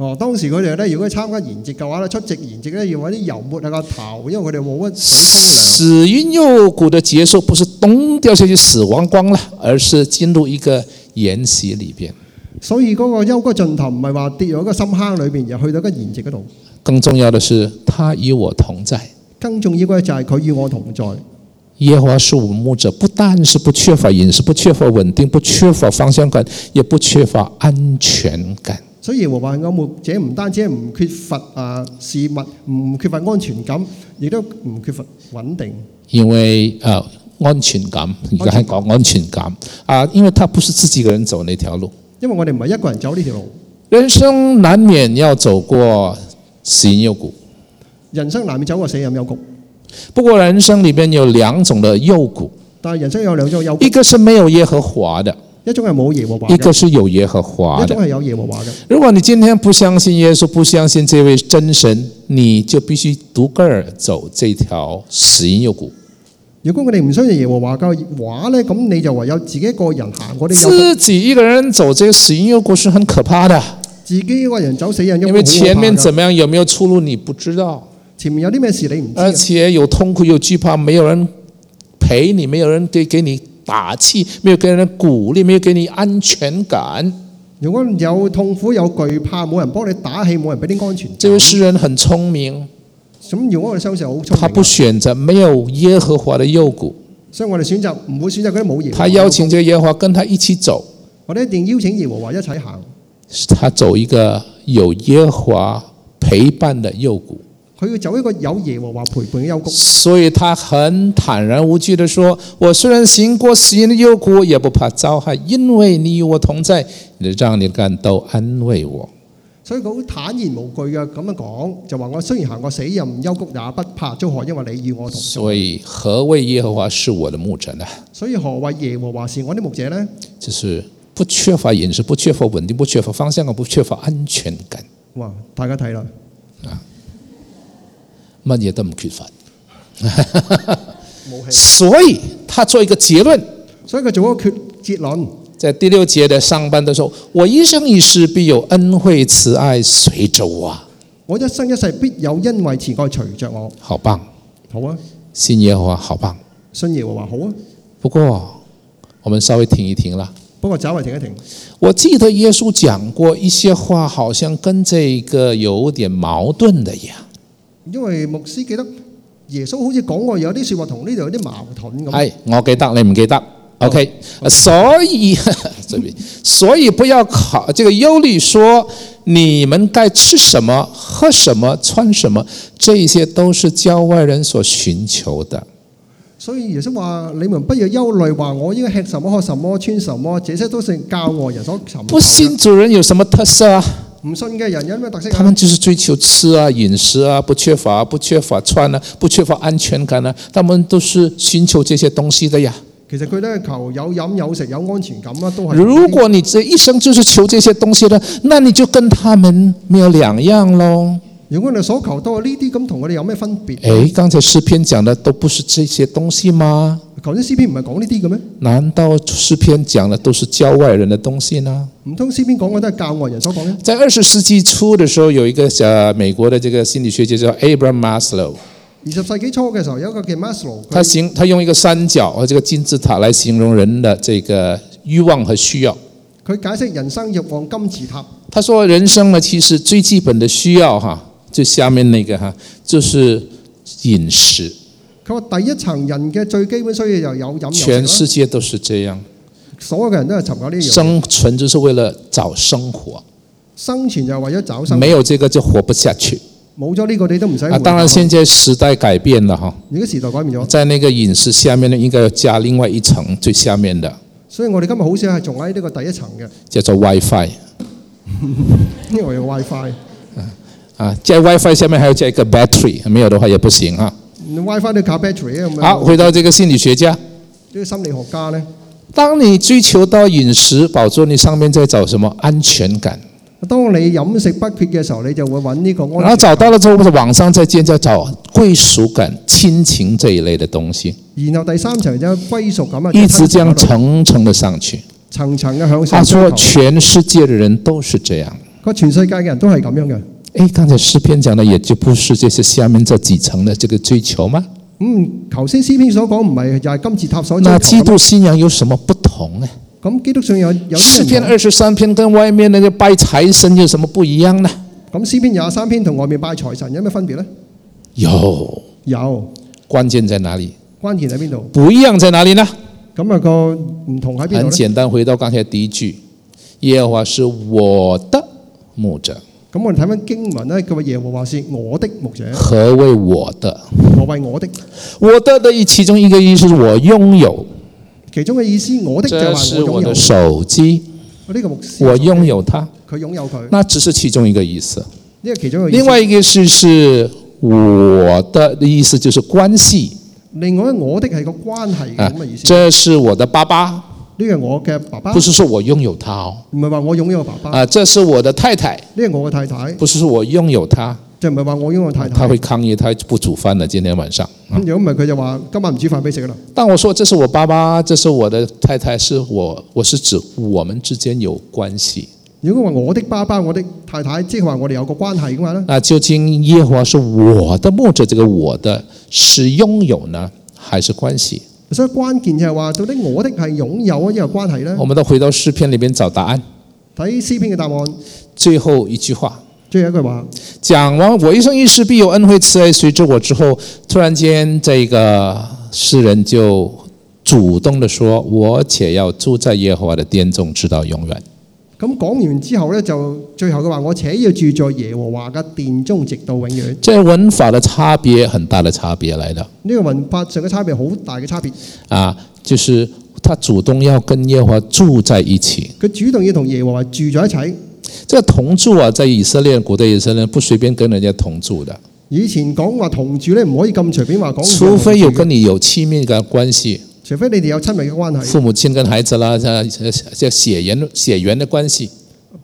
S1: 哦，當時佢哋咧，如果參加筵席嘅話咧，出席筵席咧，要揾啲油抹下個頭，因為佢哋冇乜水
S2: 沖涼。死蔭幽谷嘅結束不是咚掉下去死亡光了，而是進入一個筵席裏邊。所以
S1: 嗰個幽谷盡頭唔係話跌入一個深坑裏邊，而去到一個筵席嗰度。
S2: 更重要嘅是，他與我同在。
S1: 更重要嘅就係佢與我同在。
S2: 耶和華是我牧，牧者不但是不缺乏飲食，不缺乏穩定，不缺乏方向感，也不缺乏安全感。
S1: 所以耶和華我牧者，唔單止唔缺乏啊事物，唔缺乏安全感，亦都唔缺乏穩定。
S2: 因為啊安全感而家係講安全感，安全感啊，因為他不是自己一個人走呢條路。
S1: 因為我哋唔係一個人走呢條路。
S2: 人生難免要走過死人幽谷，
S1: 人生難免走過死人幽谷，
S2: 不過人生裏邊有兩種的幽谷，
S1: 但係人生有兩種幽
S2: 谷，一個是沒有耶和華的。
S1: 一種係冇耶和華，一個是
S2: 有耶和華。一種係有
S1: 耶和華嘅。
S2: 如果你今天不相信耶穌，不相信這位真神，你就必須獨個兒走這條死蔭幽谷。
S1: 如果我哋唔相信耶和華嘅話呢，咁你就唯有自己一個人行嗰啲。自
S2: 己一個人走這條死蔭幽谷是很可怕的。自己一個人
S1: 走死蔭幽谷，因為前面怎麼樣，有沒有出路你不知道。前面有啲咩事你唔知道。
S2: 而且有痛苦，又懼怕，沒有人陪你，沒有人給給你打氣，沒有給人鼓勵，沒有給你安全感。
S1: 如果有痛苦、有懼怕，冇人幫你打氣，冇人俾你安全感。這位詩人很聰明，咁楊安生又好聰明。他不
S2: 選擇沒有耶和華的幽谷，
S1: 所以我哋選擇唔會選擇嗰啲冇嘢。他邀
S2: 請這個耶和華跟他一起走，
S1: 我們一定邀請耶和華一齊行。
S2: 他走一個有耶和華陪伴的幽谷。佢要走一個有耶和華陪伴嘅幽谷，所以他很坦然無懼地說：我雖然行過死人嘅幽谷，也不怕遭害，因為你與我同在，你讓你感到安慰我。所
S1: 以佢好坦然無懼嘅咁樣講，就話我雖然行過死人幽谷，也不，也不怕，遭害因為你
S2: 與我同在。所以何謂耶和華是我的牧者呢？
S1: 所以何謂耶和華是我的牧者呢？
S2: 就是不缺乏飲食，不缺乏穩定，不缺乏方向，不缺乏安全感。哇！大家睇啦，啊！乜嘢都唔缺乏， 所以他做一個結論，所以佢做咗個結論。在第六節的上半段嘅時候，我一生一世必有恩惠慈愛隨着我；
S1: 我一生一世必有恩惠慈愛隨着我。好棒，好啊！
S2: 信耶和華好棒，
S1: 信耶和華好啊！
S2: 不過我們稍微停一停啦。
S1: 不過稍微停一停。
S2: 我記得耶穌講過一些話，好像跟這個有點矛盾的呀。
S1: 因為牧師記得耶穌好似講過有啲說話同呢度有啲矛盾咁。係，
S2: 我記得你唔記得、哦、？OK，所以所以不要考這個憂慮，說你們該吃什麼、喝什麼、穿什麼，這些都是教外人所尋求的。
S1: 所以耶穌話：你們不要憂慮，話我應該吃什麼、喝什麼、穿什麼，這些都是教外人所尋。不
S2: 信主人有什麼特色啊？
S1: 唔信嘅人，有咩特色？他們就
S2: 是追求吃啊、飲食啊，不缺乏、啊，不缺乏穿啊，不缺乏安全感啊。他們都是尋求這些東西的呀。
S1: 其實佢哋求有飲有食有安全感啊，都係。如果
S2: 你這一生就是求這些東西咧，那你就跟他們沒有兩樣咯。
S1: 如果你所求都係呢啲咁，同我哋有咩分別？誒，
S2: 剛才詩篇講的都不是這些東西嗎？
S1: 頭先詩篇唔係講呢啲嘅咩？
S2: 難道詩篇講的都是教外人的東西呢？
S1: 唔通詩篇講嘅都係教外人所講咩？
S2: 在二十世紀初嘅時候，有一個誒，美國嘅這個心理學家叫 Abraham Maslow。
S1: 二十世紀初嘅時候，有一個叫 Maslow 他。他
S2: 形，他用一個三角或者個金字塔嚟形容人的這個欲望和需要。
S1: 佢解釋人生欲望金字塔。
S2: 他說人生呢，其實最基本嘅需要，哈。最下面那個哈，就是飲食。
S1: 佢話第一層人嘅最基本需要就有飲食。全世
S2: 界都是這樣，
S1: 所有嘅人都係尋求呢樣。生
S2: 存就是為了找生活。
S1: 生存就係為咗找生。沒
S2: 有這個就活不下去。
S1: 冇咗呢個你都唔使。啊，當然現
S2: 在時代改變了哈。
S1: 而家時代改變咗。
S2: 在呢個飲食下面呢，應該要加另外一層最下面的。
S1: 所以我哋今日好少係做喺呢個第一層嘅。
S2: 叫做 WiFi。
S1: 因為有 WiFi。
S2: 啊，在 WiFi 下面還要加一個 battery，沒有的話也不行啊。
S1: WiFi 都卡 battery 啊。好，回到
S2: 這個心理學家，呢、
S1: 這個心理學家咧，
S2: 當你追求到飲食飽足，你上面在找什麼安全感？
S1: 當你飲食不缺嘅時候，你就會揾呢個安全感。然後找
S2: 到了之後，咪網上再建，再找歸屬感、親情這一類的東西。
S1: 然後第三層就歸屬感啊，一直這樣層
S2: 層地上去，
S1: 層層嘅享受。他、啊、說全
S2: 世界嘅人都是這樣，
S1: 個全世界嘅人都係咁樣嘅。
S2: 哎，剛才詩篇講的也就不是這些下面這幾層的這個追求嗎？
S1: 嗯，頭先詩篇所講唔係就係金字塔所講，那基督信
S2: 仰有什麼不同呢？
S1: 咁基督上有有啲咩？詩篇
S2: 二十三篇跟外面那個拜財神有什麼不一樣呢？
S1: 咁詩篇廿三篇同外面拜財神有咩分別呢？
S2: 有，有關鍵在哪裡？
S1: 關鍵在邊度？
S2: 不一樣在哪裡呢？咁、那、啊，個唔同喺邊？很簡單，回到剛才第一句，耶和華是我的牧者。
S1: 咁我哋睇翻經文咧，佢話耶和華是我的牧者。
S2: 何謂我的？
S1: 我為我的。
S2: 我的的意，其中一個意思是我擁有。
S1: 其中嘅意思，我的就係擁有我
S2: 手機。我、這、呢個牧師我擁有他，佢擁有佢。那只是其中一個意思。呢、這、為、個、其中一個意思，另外一個是是我的的意思，就是關係。
S1: 另外一個是我的係個關係咁嘅意思。
S2: 這是我的爸爸。呢個我嘅爸爸，不是說我擁有他哦，唔
S1: 係話我擁有爸
S2: 爸。啊，這是我的太太，
S1: 呢係我嘅太太，
S2: 不是說我擁有他，就唔係話我擁有太太。她會抗議，她不煮飯啦，今天晚上。
S1: 如果唔係，佢就話今晚唔煮飯俾食啦。
S2: 但我說，這是我爸爸，這是我的太太，是我，我是指我們之間有關係。
S1: 如果話我的爸爸、我的太太，即係話我哋有個關係嘅話
S2: 呢？啊，究竟耶和華說我的牧者，這個我的是擁有呢，還是關係？
S1: 所以關鍵就係話，到底我的係擁有啊，呢個關係
S2: 咧。我們都回到詩篇裏邊找答案，睇詩篇嘅答案。最後一句話，最後一句話，講完我一生一世必有恩惠慈愛，隨着我之後，突然間，這個詩人就主動地說，我且要住在耶和華的殿中，直到永遠。
S1: 咁講完之後咧，就最後嘅話，我且要住在耶和華嘅殿中，直到永遠。
S2: 即係文法嘅差別很大的差別嚟的。呢、這個
S1: 文法上嘅差別好大嘅差別。
S2: 啊，就是他主動要跟耶和華住在一起。佢主動要同耶和華住在一齊。即係同住啊，在以色列古代以色列不隨便跟人家同住的。
S1: 以前講話同住咧，唔可以咁隨便話講。除非有跟
S2: 你有親密嘅關係。
S1: 除非你哋有親密嘅關係，父
S2: 母親跟孩子啦，即係即係血緣血緣嘅關係。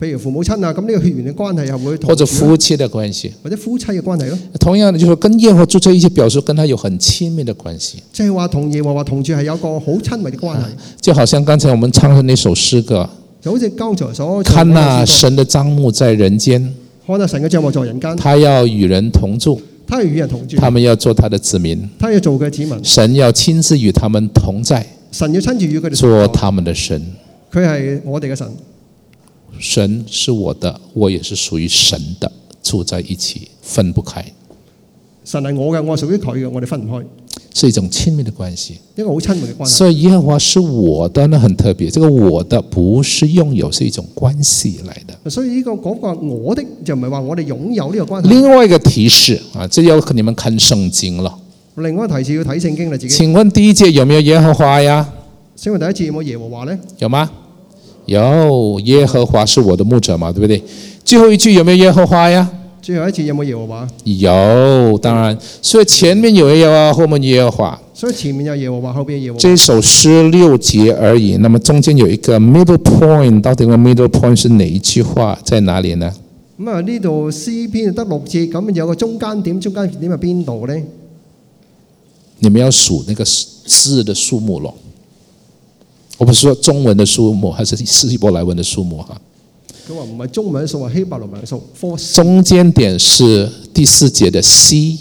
S2: 譬如父
S1: 母親啊，咁呢個血緣嘅關係又
S2: 會同、啊，或者夫妻嘅關係，或者夫妻嘅關係咯。同樣嘅，就是跟耶和華住一起，表述，跟他有很親密嘅關係。
S1: 即係話同耶和華同住係有個好親密嘅關係、啊。
S2: 就好似剛才我們唱嘅那首詩歌，
S1: 就好似剛才所那看那、啊、神
S2: 嘅帳幕在人間，看那、啊、神嘅帳幕在人間，他要與人同住。
S1: 他要與人同住，他
S2: 們要做他的子民。
S1: 他要做佢嘅子民。
S2: 神要親自與他們同在。神要親自與佢哋做他們的神。
S1: 佢係我哋嘅神。
S2: 神是我的，我也是屬於神的，住在一起，分不開。
S1: 神係我嘅，我屬於佢嘅，我哋分唔開。
S2: 是一種親密的關係，
S1: 一個好親密的關係。所以
S2: 耶和華是我的，那很特別。這個我的不是擁有，是一種關係來的。
S1: 所以呢個講個我的，就唔係話我哋擁有呢個關係。另
S2: 外一個提示啊，就要你們看聖經了。
S1: 另外一個提示要睇聖經啦，自己。請
S2: 問第一節有沒有耶和華呀？
S1: 請問第一節有冇耶和華呢？
S2: 有嗎？有耶和華是我的牧者嘛？對不對？最後一句有沒有耶和華呀？
S1: 最後一次有冇耶和華？
S2: 有，當然。所以前面有耶和華，後面耶和華。所以前面有耶和華，
S1: 後面有耶和華。這
S2: 首詩六節而已，那麼中間有一個 middle point，到底個 middle point 是哪一句話，在哪裡呢？咁
S1: 啊，呢度詩篇得六節，咁有個中間點，中間點係邊度呢？
S2: 你們要數那個字的數目咯。我不是說中文的數目，還是希伯來文的數目啊。
S1: 佢話唔係中文數，希伯羅文數。
S2: 中間點是第四節的 C。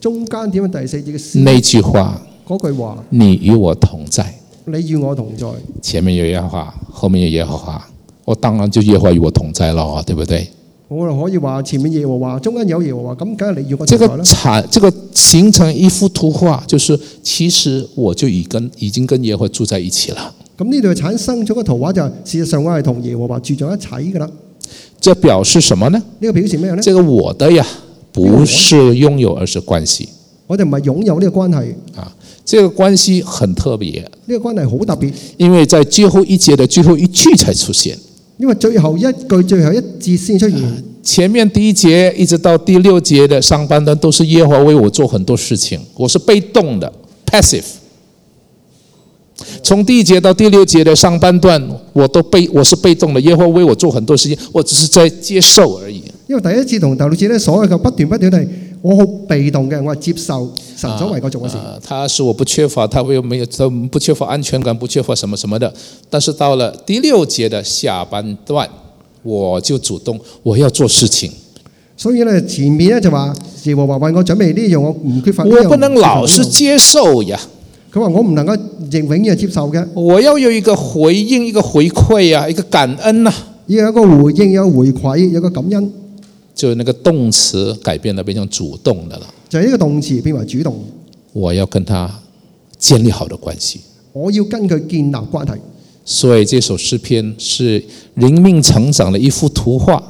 S1: 中間點係第四節嘅 C。那句話。嗰句話。
S2: 你與我同在。
S1: 你與我同在。
S2: 前面有耶和華，後面有耶和華，我當然就耶和華與我同在咯，對不對？
S1: 我就可以話前面耶和華，中間有耶和華，咁梗係你與我同
S2: 在啦。這個形成，這個、一幅圖畫，就是其實我就已跟已經跟耶和華住在一起了。
S1: 咁呢度產生咗個圖畫，就係事實上我係同耶和華住在一齊㗎喇。
S2: 這表示什麼呢？呢個表示咩呢？這個我的呀，不是擁有，而是關係。
S1: 我哋唔係擁有呢個關係。啊，
S2: 這個關係很特別。呢個關係好特別，因為在最後一節的最後一句才出現。
S1: 因為最後一句最後一字先出現。
S2: 前面第一節一直到第六節的上半段都是耶和華為我做很多事情，我是被動的，passive。從第一節到第六節的上半段，我都被我是被動的，耶和華為我做很多事情，我只是在接受而已。
S1: 因為第一節同第六節呢，所有嘅，不斷不斷地，我好被動嘅，我係接受神所為嗰種事。
S2: 他、啊啊、是我不缺乏，他又沒有，他不缺乏安全感，不缺乏什麼什麼的。但是到了第六節的下半段，我就主動，我要做事情。
S1: 所以呢，前面呢就話，耶和華為我準備呢樣，我唔缺乏呢樣。我不能老是
S2: 接受呀。啊
S1: 佢話：我唔能夠永永遠接受嘅。
S2: 我要有一個回應、一個回饋啊，一個感恩啦、啊。要有一個回應，要回饋，要個感恩。就係那個動詞改變咗，變成主動的啦。就係、是、一個動詞變為主動。我要跟他建立好的關係。我要跟佢建立關係。所以這首詩篇是人命成長的一幅圖畫。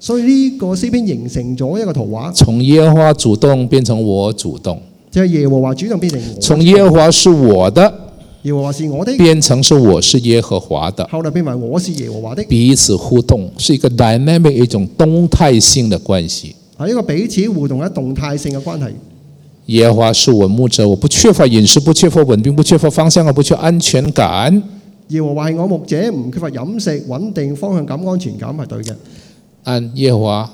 S2: 所以呢個詩篇形成咗一個圖畫。從耶華主動變成我主動。即係耶和華主動變成我，從耶和華是我的，耶和華是我的，變成是我是耶和華的，後嚟變成我是耶和華的，彼此互動是一個 dynamic 一種動態性的關係，
S1: 係一個彼此互動嘅動態性嘅關係。
S2: 耶和華是我牧者，我不缺乏飲食，不缺乏穩定，不缺乏方向，啊，不缺安全感。
S1: 耶和華係我牧者，唔缺乏飲食、穩定、方向感、安全感係對嘅。
S2: 按耶和華。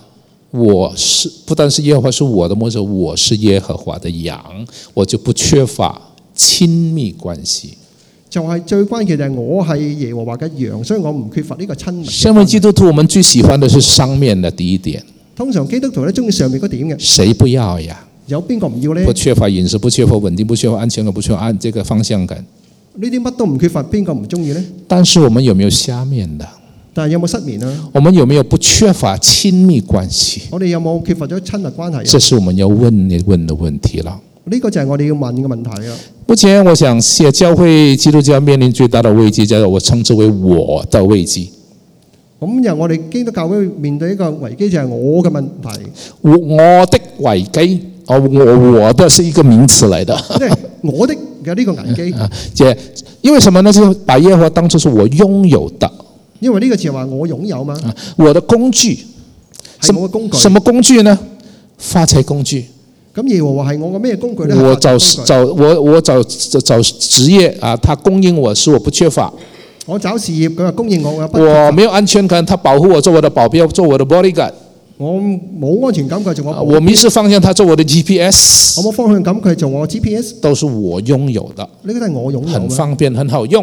S2: 我是不單是耶和華是我的牧者，我是耶和華的羊，我就不缺乏親密關係。
S1: 就係、是、最關鍵就係是我係耶和華嘅羊，所以我唔缺乏呢個親密。身為基
S2: 督徒，我們最喜歡的是上面嘅第一點。
S1: 通常基督徒呢，中意上面嗰點嘅。
S2: 誰不要呀？
S1: 有邊個唔要呢？不缺
S2: 乏飲食，不缺乏穩定，不缺乏安全，和不缺乏安這個方向感。
S1: 呢啲乜都唔缺乏，邊個唔中意呢？
S2: 但是我們有沒有下面的？
S1: 但係有冇失眠啊？
S2: 我們有沒有不缺乏親密關係？
S1: 我哋有冇缺乏咗親密關係？這
S2: 是我們要問你問的問題啦。
S1: 呢個就係我哋要問嘅問題啊。
S2: 目前我想，社教會基督教面臨最大嘅危機，就係我稱之為我的危機。
S1: 咁由我哋基督教會面對一個危機，就係我嘅問題，
S2: 我我的危機。哦，我我的是一個名詞嚟嘅，即係我的有呢個危機啊。即 係因為什麼呢？呢就把耶和華當做是我擁有的。
S1: 因為呢個詞話我擁有嘛，
S2: 我的工具係我嘅
S1: 工具。什麼工具呢？發財工具。咁耶和華係我嘅咩工具呢？我
S2: 找我的工具，找我我找找職業啊，他供應我，使我不缺乏。
S1: 我找事業，佢話供應我，我。我
S2: 沒有安全感，他保護我，做我的保鏢，做我的 bodyguard。
S1: 我冇安全感，佢做我的。我迷失
S2: 方向，他做我的 GPS。我冇方向感，佢做我的 GPS。都是我擁有的。呢、呢個都係我擁有的。很方便，很好用。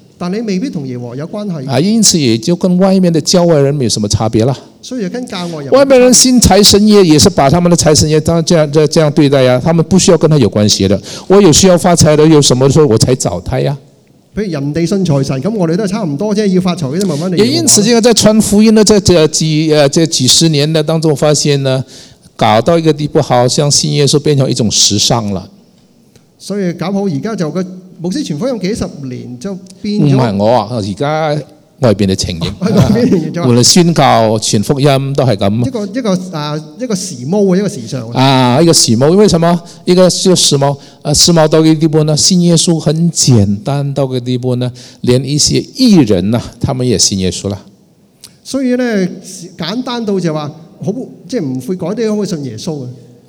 S1: 但你未必同耶和有關
S2: 係啊，因此也就跟外面的教外人沒有什麼差別啦。
S1: 所以跟教外人，外面
S2: 人信財神爺也是把他們的財神爺當這這這樣對待呀、啊。他們不需要跟他有關係的。我有需要發財的，有什麼時候我才找他呀？
S1: 譬如人哋信財神，咁我哋都差唔多啫。要發財，都慢慢哋。也因此，呢
S2: 在傳福音呢，這這幾誒這幾十年呢，當中，發現呢搞到一個地步，好像信耶穌變成一種時尚啦。
S1: 所以搞好而家就個。牧師傳福音幾十年就變咗？唔係
S2: 我啊，而家外邊嘅情形。我、哦、哋、啊、宣教 傳福音都係咁。一個
S1: 一個誒、啊、一個時髦嘅一個時尚
S2: 啊！一個時髦，為什麼？一個叫時髦。誒時髦到個地步呢？信耶穌很簡單到個地步呢？連一些藝人啊，他們也信耶穌啦。
S1: 所以咧，簡單到就話好，即係唔會改啲去信耶穌嘅。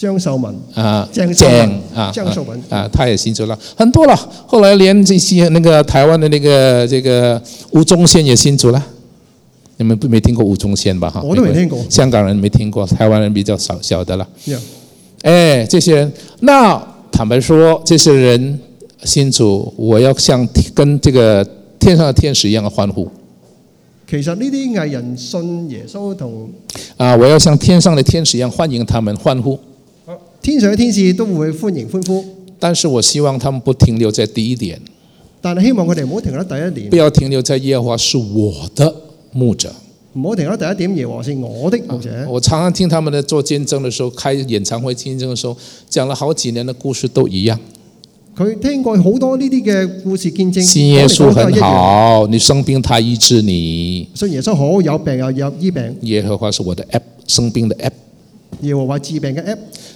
S2: 張秀文，江秀文啊，正啊，張秀文啊，啊，他也信主啦，很多啦。後來連這些那個台灣的那個這個吳宗憲也信主啦。你們沒聽過吳宗憲吧？我都沒，聽過，沒聽過。香港人沒聽過，台灣人比較少，曉得了。哎、yeah. 欸，這些人。那坦白說，這些人信主，我要像跟這個天上的天使一樣歡呼。
S1: 其實呢啲藝人信耶穌同
S2: 啊，我要像天上的天使一樣歡迎他們歡呼。天上嘅天使都會歡迎歡呼，但是我希望他們不停留在第一點。
S1: 但係希望佢哋唔好停喺第一點。不
S2: 要停留在耶和華是我的牧者，唔好停喺第一點。耶和華是我的牧者。我常常聽他們在做見證嘅時候，開演唱會見證嘅時候，講了好幾年嘅故事都一樣。佢
S1: 聽過好多呢啲嘅故事見證，新耶穌很好，
S2: 你生病他醫治你。所以耶穌好有病又有醫病，耶和華是我的 app，生病的 app，耶和華治病嘅 app。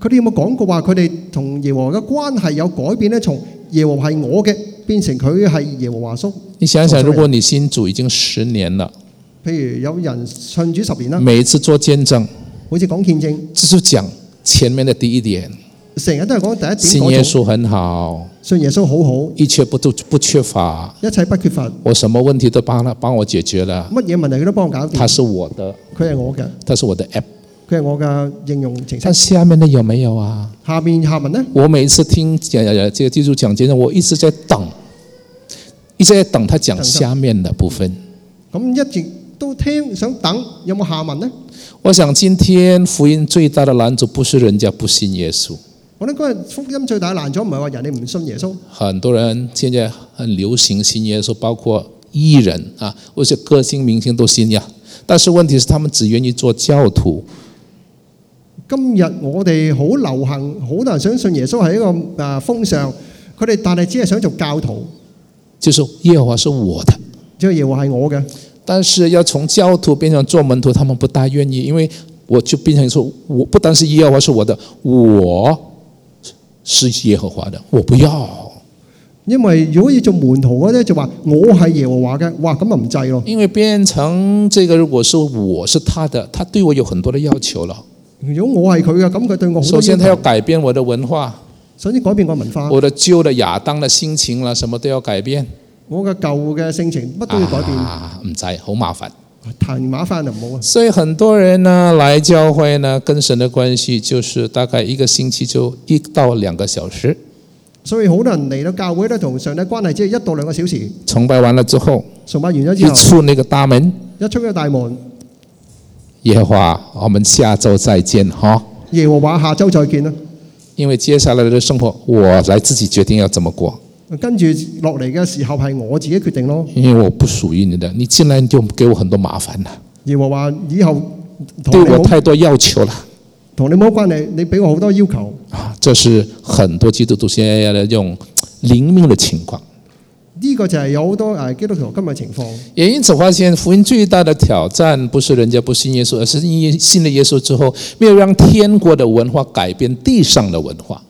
S2: 佢哋有冇講過話佢哋同耶和華嘅關
S1: 係有改變咧？從耶和華係我嘅變成佢係耶和華叔。
S2: 你想一想，如果你信主已經十年啦，
S1: 譬如有人信主十年啦，
S2: 每一次做見證，好似講見證，這是講前面嘅第一點。
S1: 成日都係講第一點。信耶穌
S2: 很好，信耶穌好好，一切不都不缺乏，
S1: 一切不缺乏，
S2: 我什麼問題都幫我幫我解決啦。乜嘢問題佢都幫我解決。他是我的，佢係我嘅，他是我嘅。」佢係我嘅應用程式。但下面咧，有冇有啊？下面下文呢，我每一次聽誒、誒，這個基督講經，我一直在等，一直在等他講下面的部分。咁、嗯、一直都聽，想等有冇下文呢？我想今天福音最大的難處，不是人家不信耶穌。
S1: 我諗嗰個福音最大嘅難處，唔係話人哋唔信耶穌。
S2: 很多人現在很流行信耶穌，包括藝人啊，或者歌星明星都信呀。但是問題是，他們只願意做教徒。
S1: 今日我哋好流行，好多人相信耶穌係一個誒
S2: 風尚。佢哋但係只係想做教徒。就說耶和華是我的，即係耶和華係我嘅。但是要從教徒變成做門徒，他們不大願意，因為我就變成說，我不單是耶和華是我的，我是耶和華的，我不要。因為如果要做門徒嘅啲就話我係耶和華嘅，哇咁咪唔制咯。因為變成這個，如果說我是他的，他對我有很多嘅要求咯。
S1: 如果我係佢嘅，咁佢對我好。首先，佢要
S2: 改變我嘅文化。首先改變個文化。我的舊的亞當嘅心情啦，什麼都要改變。我嘅舊嘅性情乜都要改變。唔、啊、使，好、啊、麻煩。太麻煩就唔好、啊。所以很多人呢來教會呢，跟神嘅關係就是大概一個星期就一到兩個小時。
S1: 所以好多人嚟到教會咧，同上帝關係即係一到兩個小時。
S2: 崇拜完了之後，崇
S1: 拜完一出
S2: 呢個大門。
S1: 一出個大門。
S2: 耶和華，我們下周再見哈。
S1: 耶和華，下周再見了。
S2: 因為接下來的生活，我來自己決定要怎麼過。
S1: 跟住落嚟嘅時候係我自己決定咯。
S2: 因為我不屬於你的，你進來就給我很多麻煩啦。
S1: 耶和華，以後
S2: 對我太多要求啦，
S1: 同你冇關係，你俾我好多要求啊。
S2: 這是很多基督徒現在嘅一種靈命嘅情況。
S1: 呢、這個就係有好多誒基督徒今日情況。
S2: 也因此發現福音最大的挑戰，不是人家不信耶穌，而是因信了耶穌之後，沒有讓天國的文化改變地上的文化。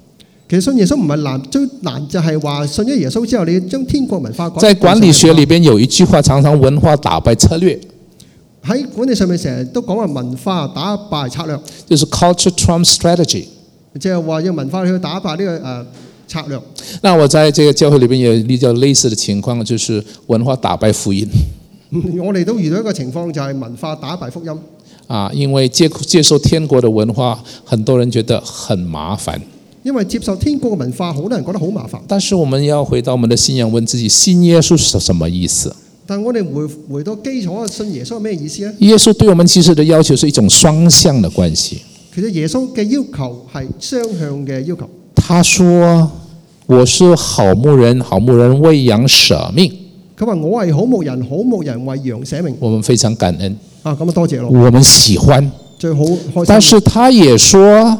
S2: 其實信耶穌唔係難，
S1: 最難就係話信咗耶穌之後，你要將天國文化改。在管理學裏
S2: 邊有一句話，常常文化打敗策略。
S1: 喺管理上面成日都講話文化打敗策略，就是 culture trump strategy，即係話要文化去打敗呢個誒策略。
S2: 那我在這個教會裏邊也比較類似的情況，就是文化打敗福音。
S1: 我哋都遇到一個情況，就係文化打敗福音。
S2: 啊，因為接接受天國的文化，很多人覺得很麻煩。
S1: 因為接受天國嘅文化，好多人
S2: 覺得好麻煩。但是我們要回到我們的信仰，問自己：信耶穌是什麼意思？
S1: 但我哋回回到基礎，信耶穌咩意思啊？
S2: 耶穌對我們其實的要求是一種雙向的關係。
S1: 其實耶穌嘅要求係雙向嘅要求。
S2: 他說：“我是好牧人，好牧人為羊捨命。”
S1: 佢話：“我係好牧人，好牧人為羊捨命。”
S2: 我們非常感恩
S1: 啊！咁、嗯、啊，多謝咯。我們喜歡最好開
S2: 心。但是他也說：“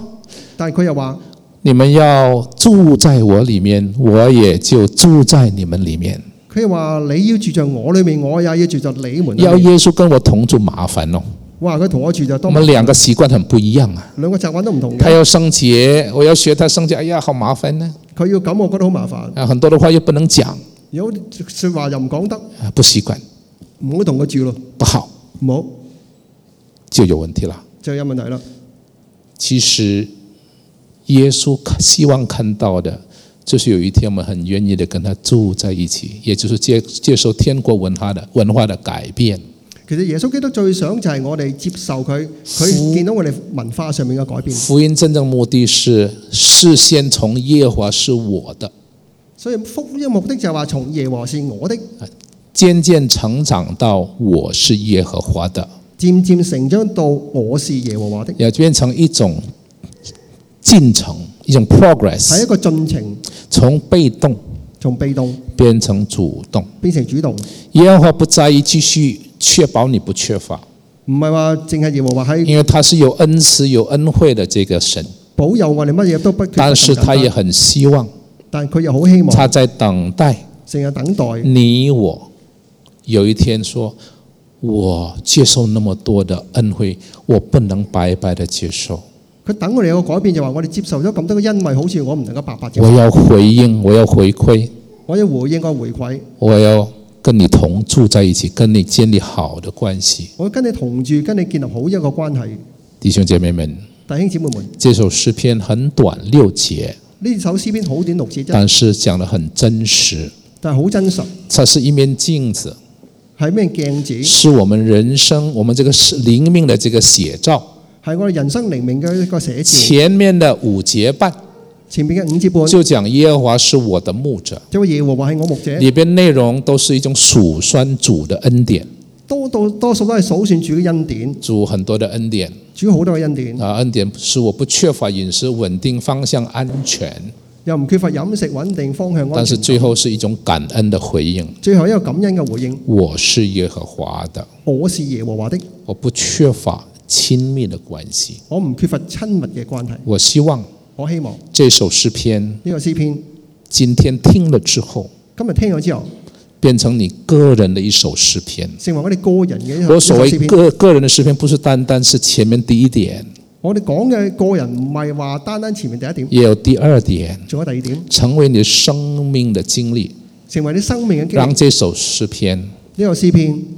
S1: 但佢又話，
S2: 你們要住在我裏面，我也就住在你們裏面。”
S1: 佢又話：“你要住在我裏面，我
S2: 也要住在你們。”要耶穌跟我同住，麻煩咯。哇！佢同我住就多，我們兩個習慣很不一樣啊。兩個習慣都唔同嘅。佢要聖潔，我要學他聖潔。哎呀，好麻煩呢。佢要咁，我覺得好麻煩。啊，很多的話又不能講。
S1: 有說話又唔講得。
S2: 不習慣，
S1: 唔好同我住咯。不好，冇
S2: 就有問題啦。
S1: 就有問題啦。
S2: 其實耶穌希望看到的，就是有一天我們很願意的跟他住在一起，也就是接接受天國文化的文化的改變。
S1: 其實耶穌基督最想就係我哋接受佢，佢見到我哋
S2: 文化上面嘅改變。福音真正的目的是事先從耶和華是我的，
S1: 所以福音嘅目的就係話從耶和華是我的，漸漸成長到我是
S2: 耶和華的，漸漸成長到我是耶和華的，
S1: 漸漸成長到我是耶和華的，
S2: 也變成一種進程，一種 progress，係一個進程，從被動，從被動變成主動，變成主動。耶和華不在意，繼續。確保你不缺乏，唔係話淨係認為話喺，因為他是有恩慈有恩惠的這個神，
S1: 保佑我哋乜嘢都不缺。但是他也很希望，但佢又好希望，他
S2: 在等待，
S1: 成日等待
S2: 你我有一天說，我接受那麼多的恩惠，我不能白白的接受。
S1: 佢等我哋有個改變，就話我哋接受咗咁多嘅恩惠，好似我唔能夠白白。我要回
S2: 應，我要回饋，
S1: 我要我應該回饋，
S2: 我要。跟你同住在一起，跟你建立好的關係。
S1: 我跟你同住，跟你建立好一個關係。
S2: 弟兄姐妹們，
S1: 弟兄姐妹們，
S2: 這首詩篇很短，六節。
S1: 呢首詩篇好短六節，但
S2: 是講得很真實。
S1: 但好真實。
S2: 它是一面鏡子，係咩鏡子？是我們人生，我們這個是靈命的這個寫照。係我們
S1: 人生靈命嘅一個寫照。前
S2: 面的五節半。前面嘅五節半就講，耶和華是我的牧者，
S1: 呢個耶和華係我牧者。裏
S2: 邊內容都是一種數算主的恩典，多多多數都係數算主嘅恩典。主很多的恩典，主好多嘅恩典。啊，恩典使我不缺乏飲食穩定方向安全，又唔缺乏飲食穩定方向安全。但是最後是一種感恩的回應，最後一個感恩嘅回應。我是耶和華的，我是耶和華的，我不缺乏親密的關係，
S1: 我唔缺乏親密嘅關係。
S2: 我希望。我希望這首詩篇呢個詩篇，今天聽了之後，今日聽咗之後，變成你個人的一首詩篇。
S1: 成為我哋個人嘅一首詩篇，我所謂個個
S2: 人嘅詩篇，的詩篇不是單單是前面第一點。
S1: 我哋講嘅個人唔係話單單前面第一點。也
S2: 有第二點，仲有第二點，成為你生命的經歷，成為你生命的經歷。讓這首詩篇呢個詩篇。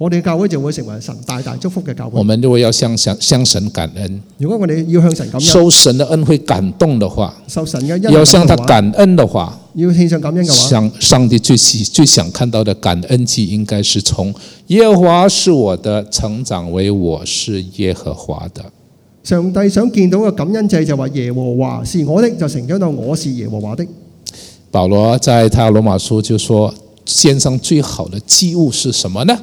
S1: 我哋教會就會成為神大大祝福嘅教會。我
S2: 們如果要向向向神感恩，
S1: 如果我哋要向神感恩，收
S2: 神嘅恩會感動的話，
S1: 受神嘅恩，感恩要向他感
S2: 恩的話，要
S1: 獻上感恩嘅話，
S2: 上帝最希最想看到嘅感恩祭，應該是從耶和華是我的，成長為我是耶和華的。
S1: 上帝想見到嘅感恩祭就話耶和華是我的，就成長到我是耶
S2: 和華的。保羅在他羅馬書就說：先上最好嘅祭物是什麼呢？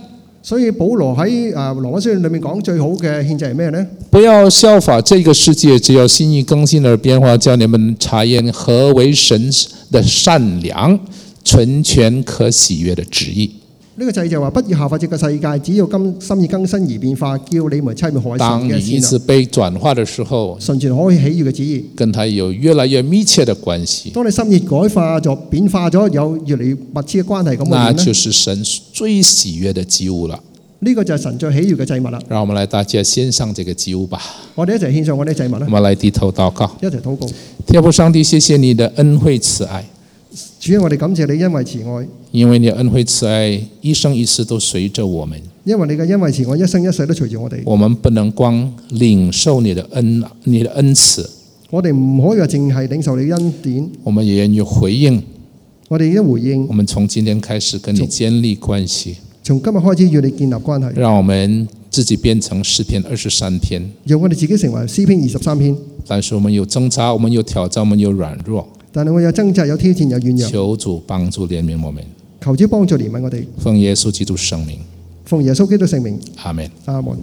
S1: 所以保羅喺羅、呃、羅馬書裏面
S2: 講最好嘅獻祭係咩咧？不要效法這個世界，只有心意更新而變化，叫你們察驗何為神的善良、純全可喜悅的旨意。呢
S1: 個祭就話不要效法這個世界，只要今心意更新而變化，叫你們親近何為神嘅，先當你是
S2: 被轉化的時候，完全可以喜悦嘅旨意，跟他有越來越密切嘅關係。
S1: 當你心意改化咗，變化咗，有越嚟越密切嘅關係咁樣，那，那就
S2: 是神最喜悦嘅祭物啦。呢、這個就係神最喜悦嘅祭物啦。讓我們嚟大家獻上這個祭物吧。我哋一齊獻上我哋嘅祭物啦。我哋一齊低頭禱告，一齊禱告。天父上帝，謝謝你的恩惠慈愛。
S1: 主，我哋感謝你，因為慈愛，
S2: 因為你嘅恩惠慈愛，一生一世都隨着我們。
S1: 因為你嘅恩惠慈愛，一生一世都隨住我哋。
S2: 我們不能光領受你的恩，你的恩慈。我哋唔可以話淨係領受你嘅恩典。我們也要回應。我哋要回應。我們從今天開始跟你建立關係。從今日開始要你建立關係。讓我們自己變成詩篇二十三篇。由我哋自己成為詩篇二十三篇。但是我們有掙扎，我們有挑戰，我們有軟弱。但
S1: 係我有掙扎，有挑戰，有軟弱。
S2: 求主幫助憐憫我們。
S1: 求主幫助憐憫我哋。
S2: 奉耶穌基督聖名。
S1: 奉耶穌基督聖名。阿門，阿門。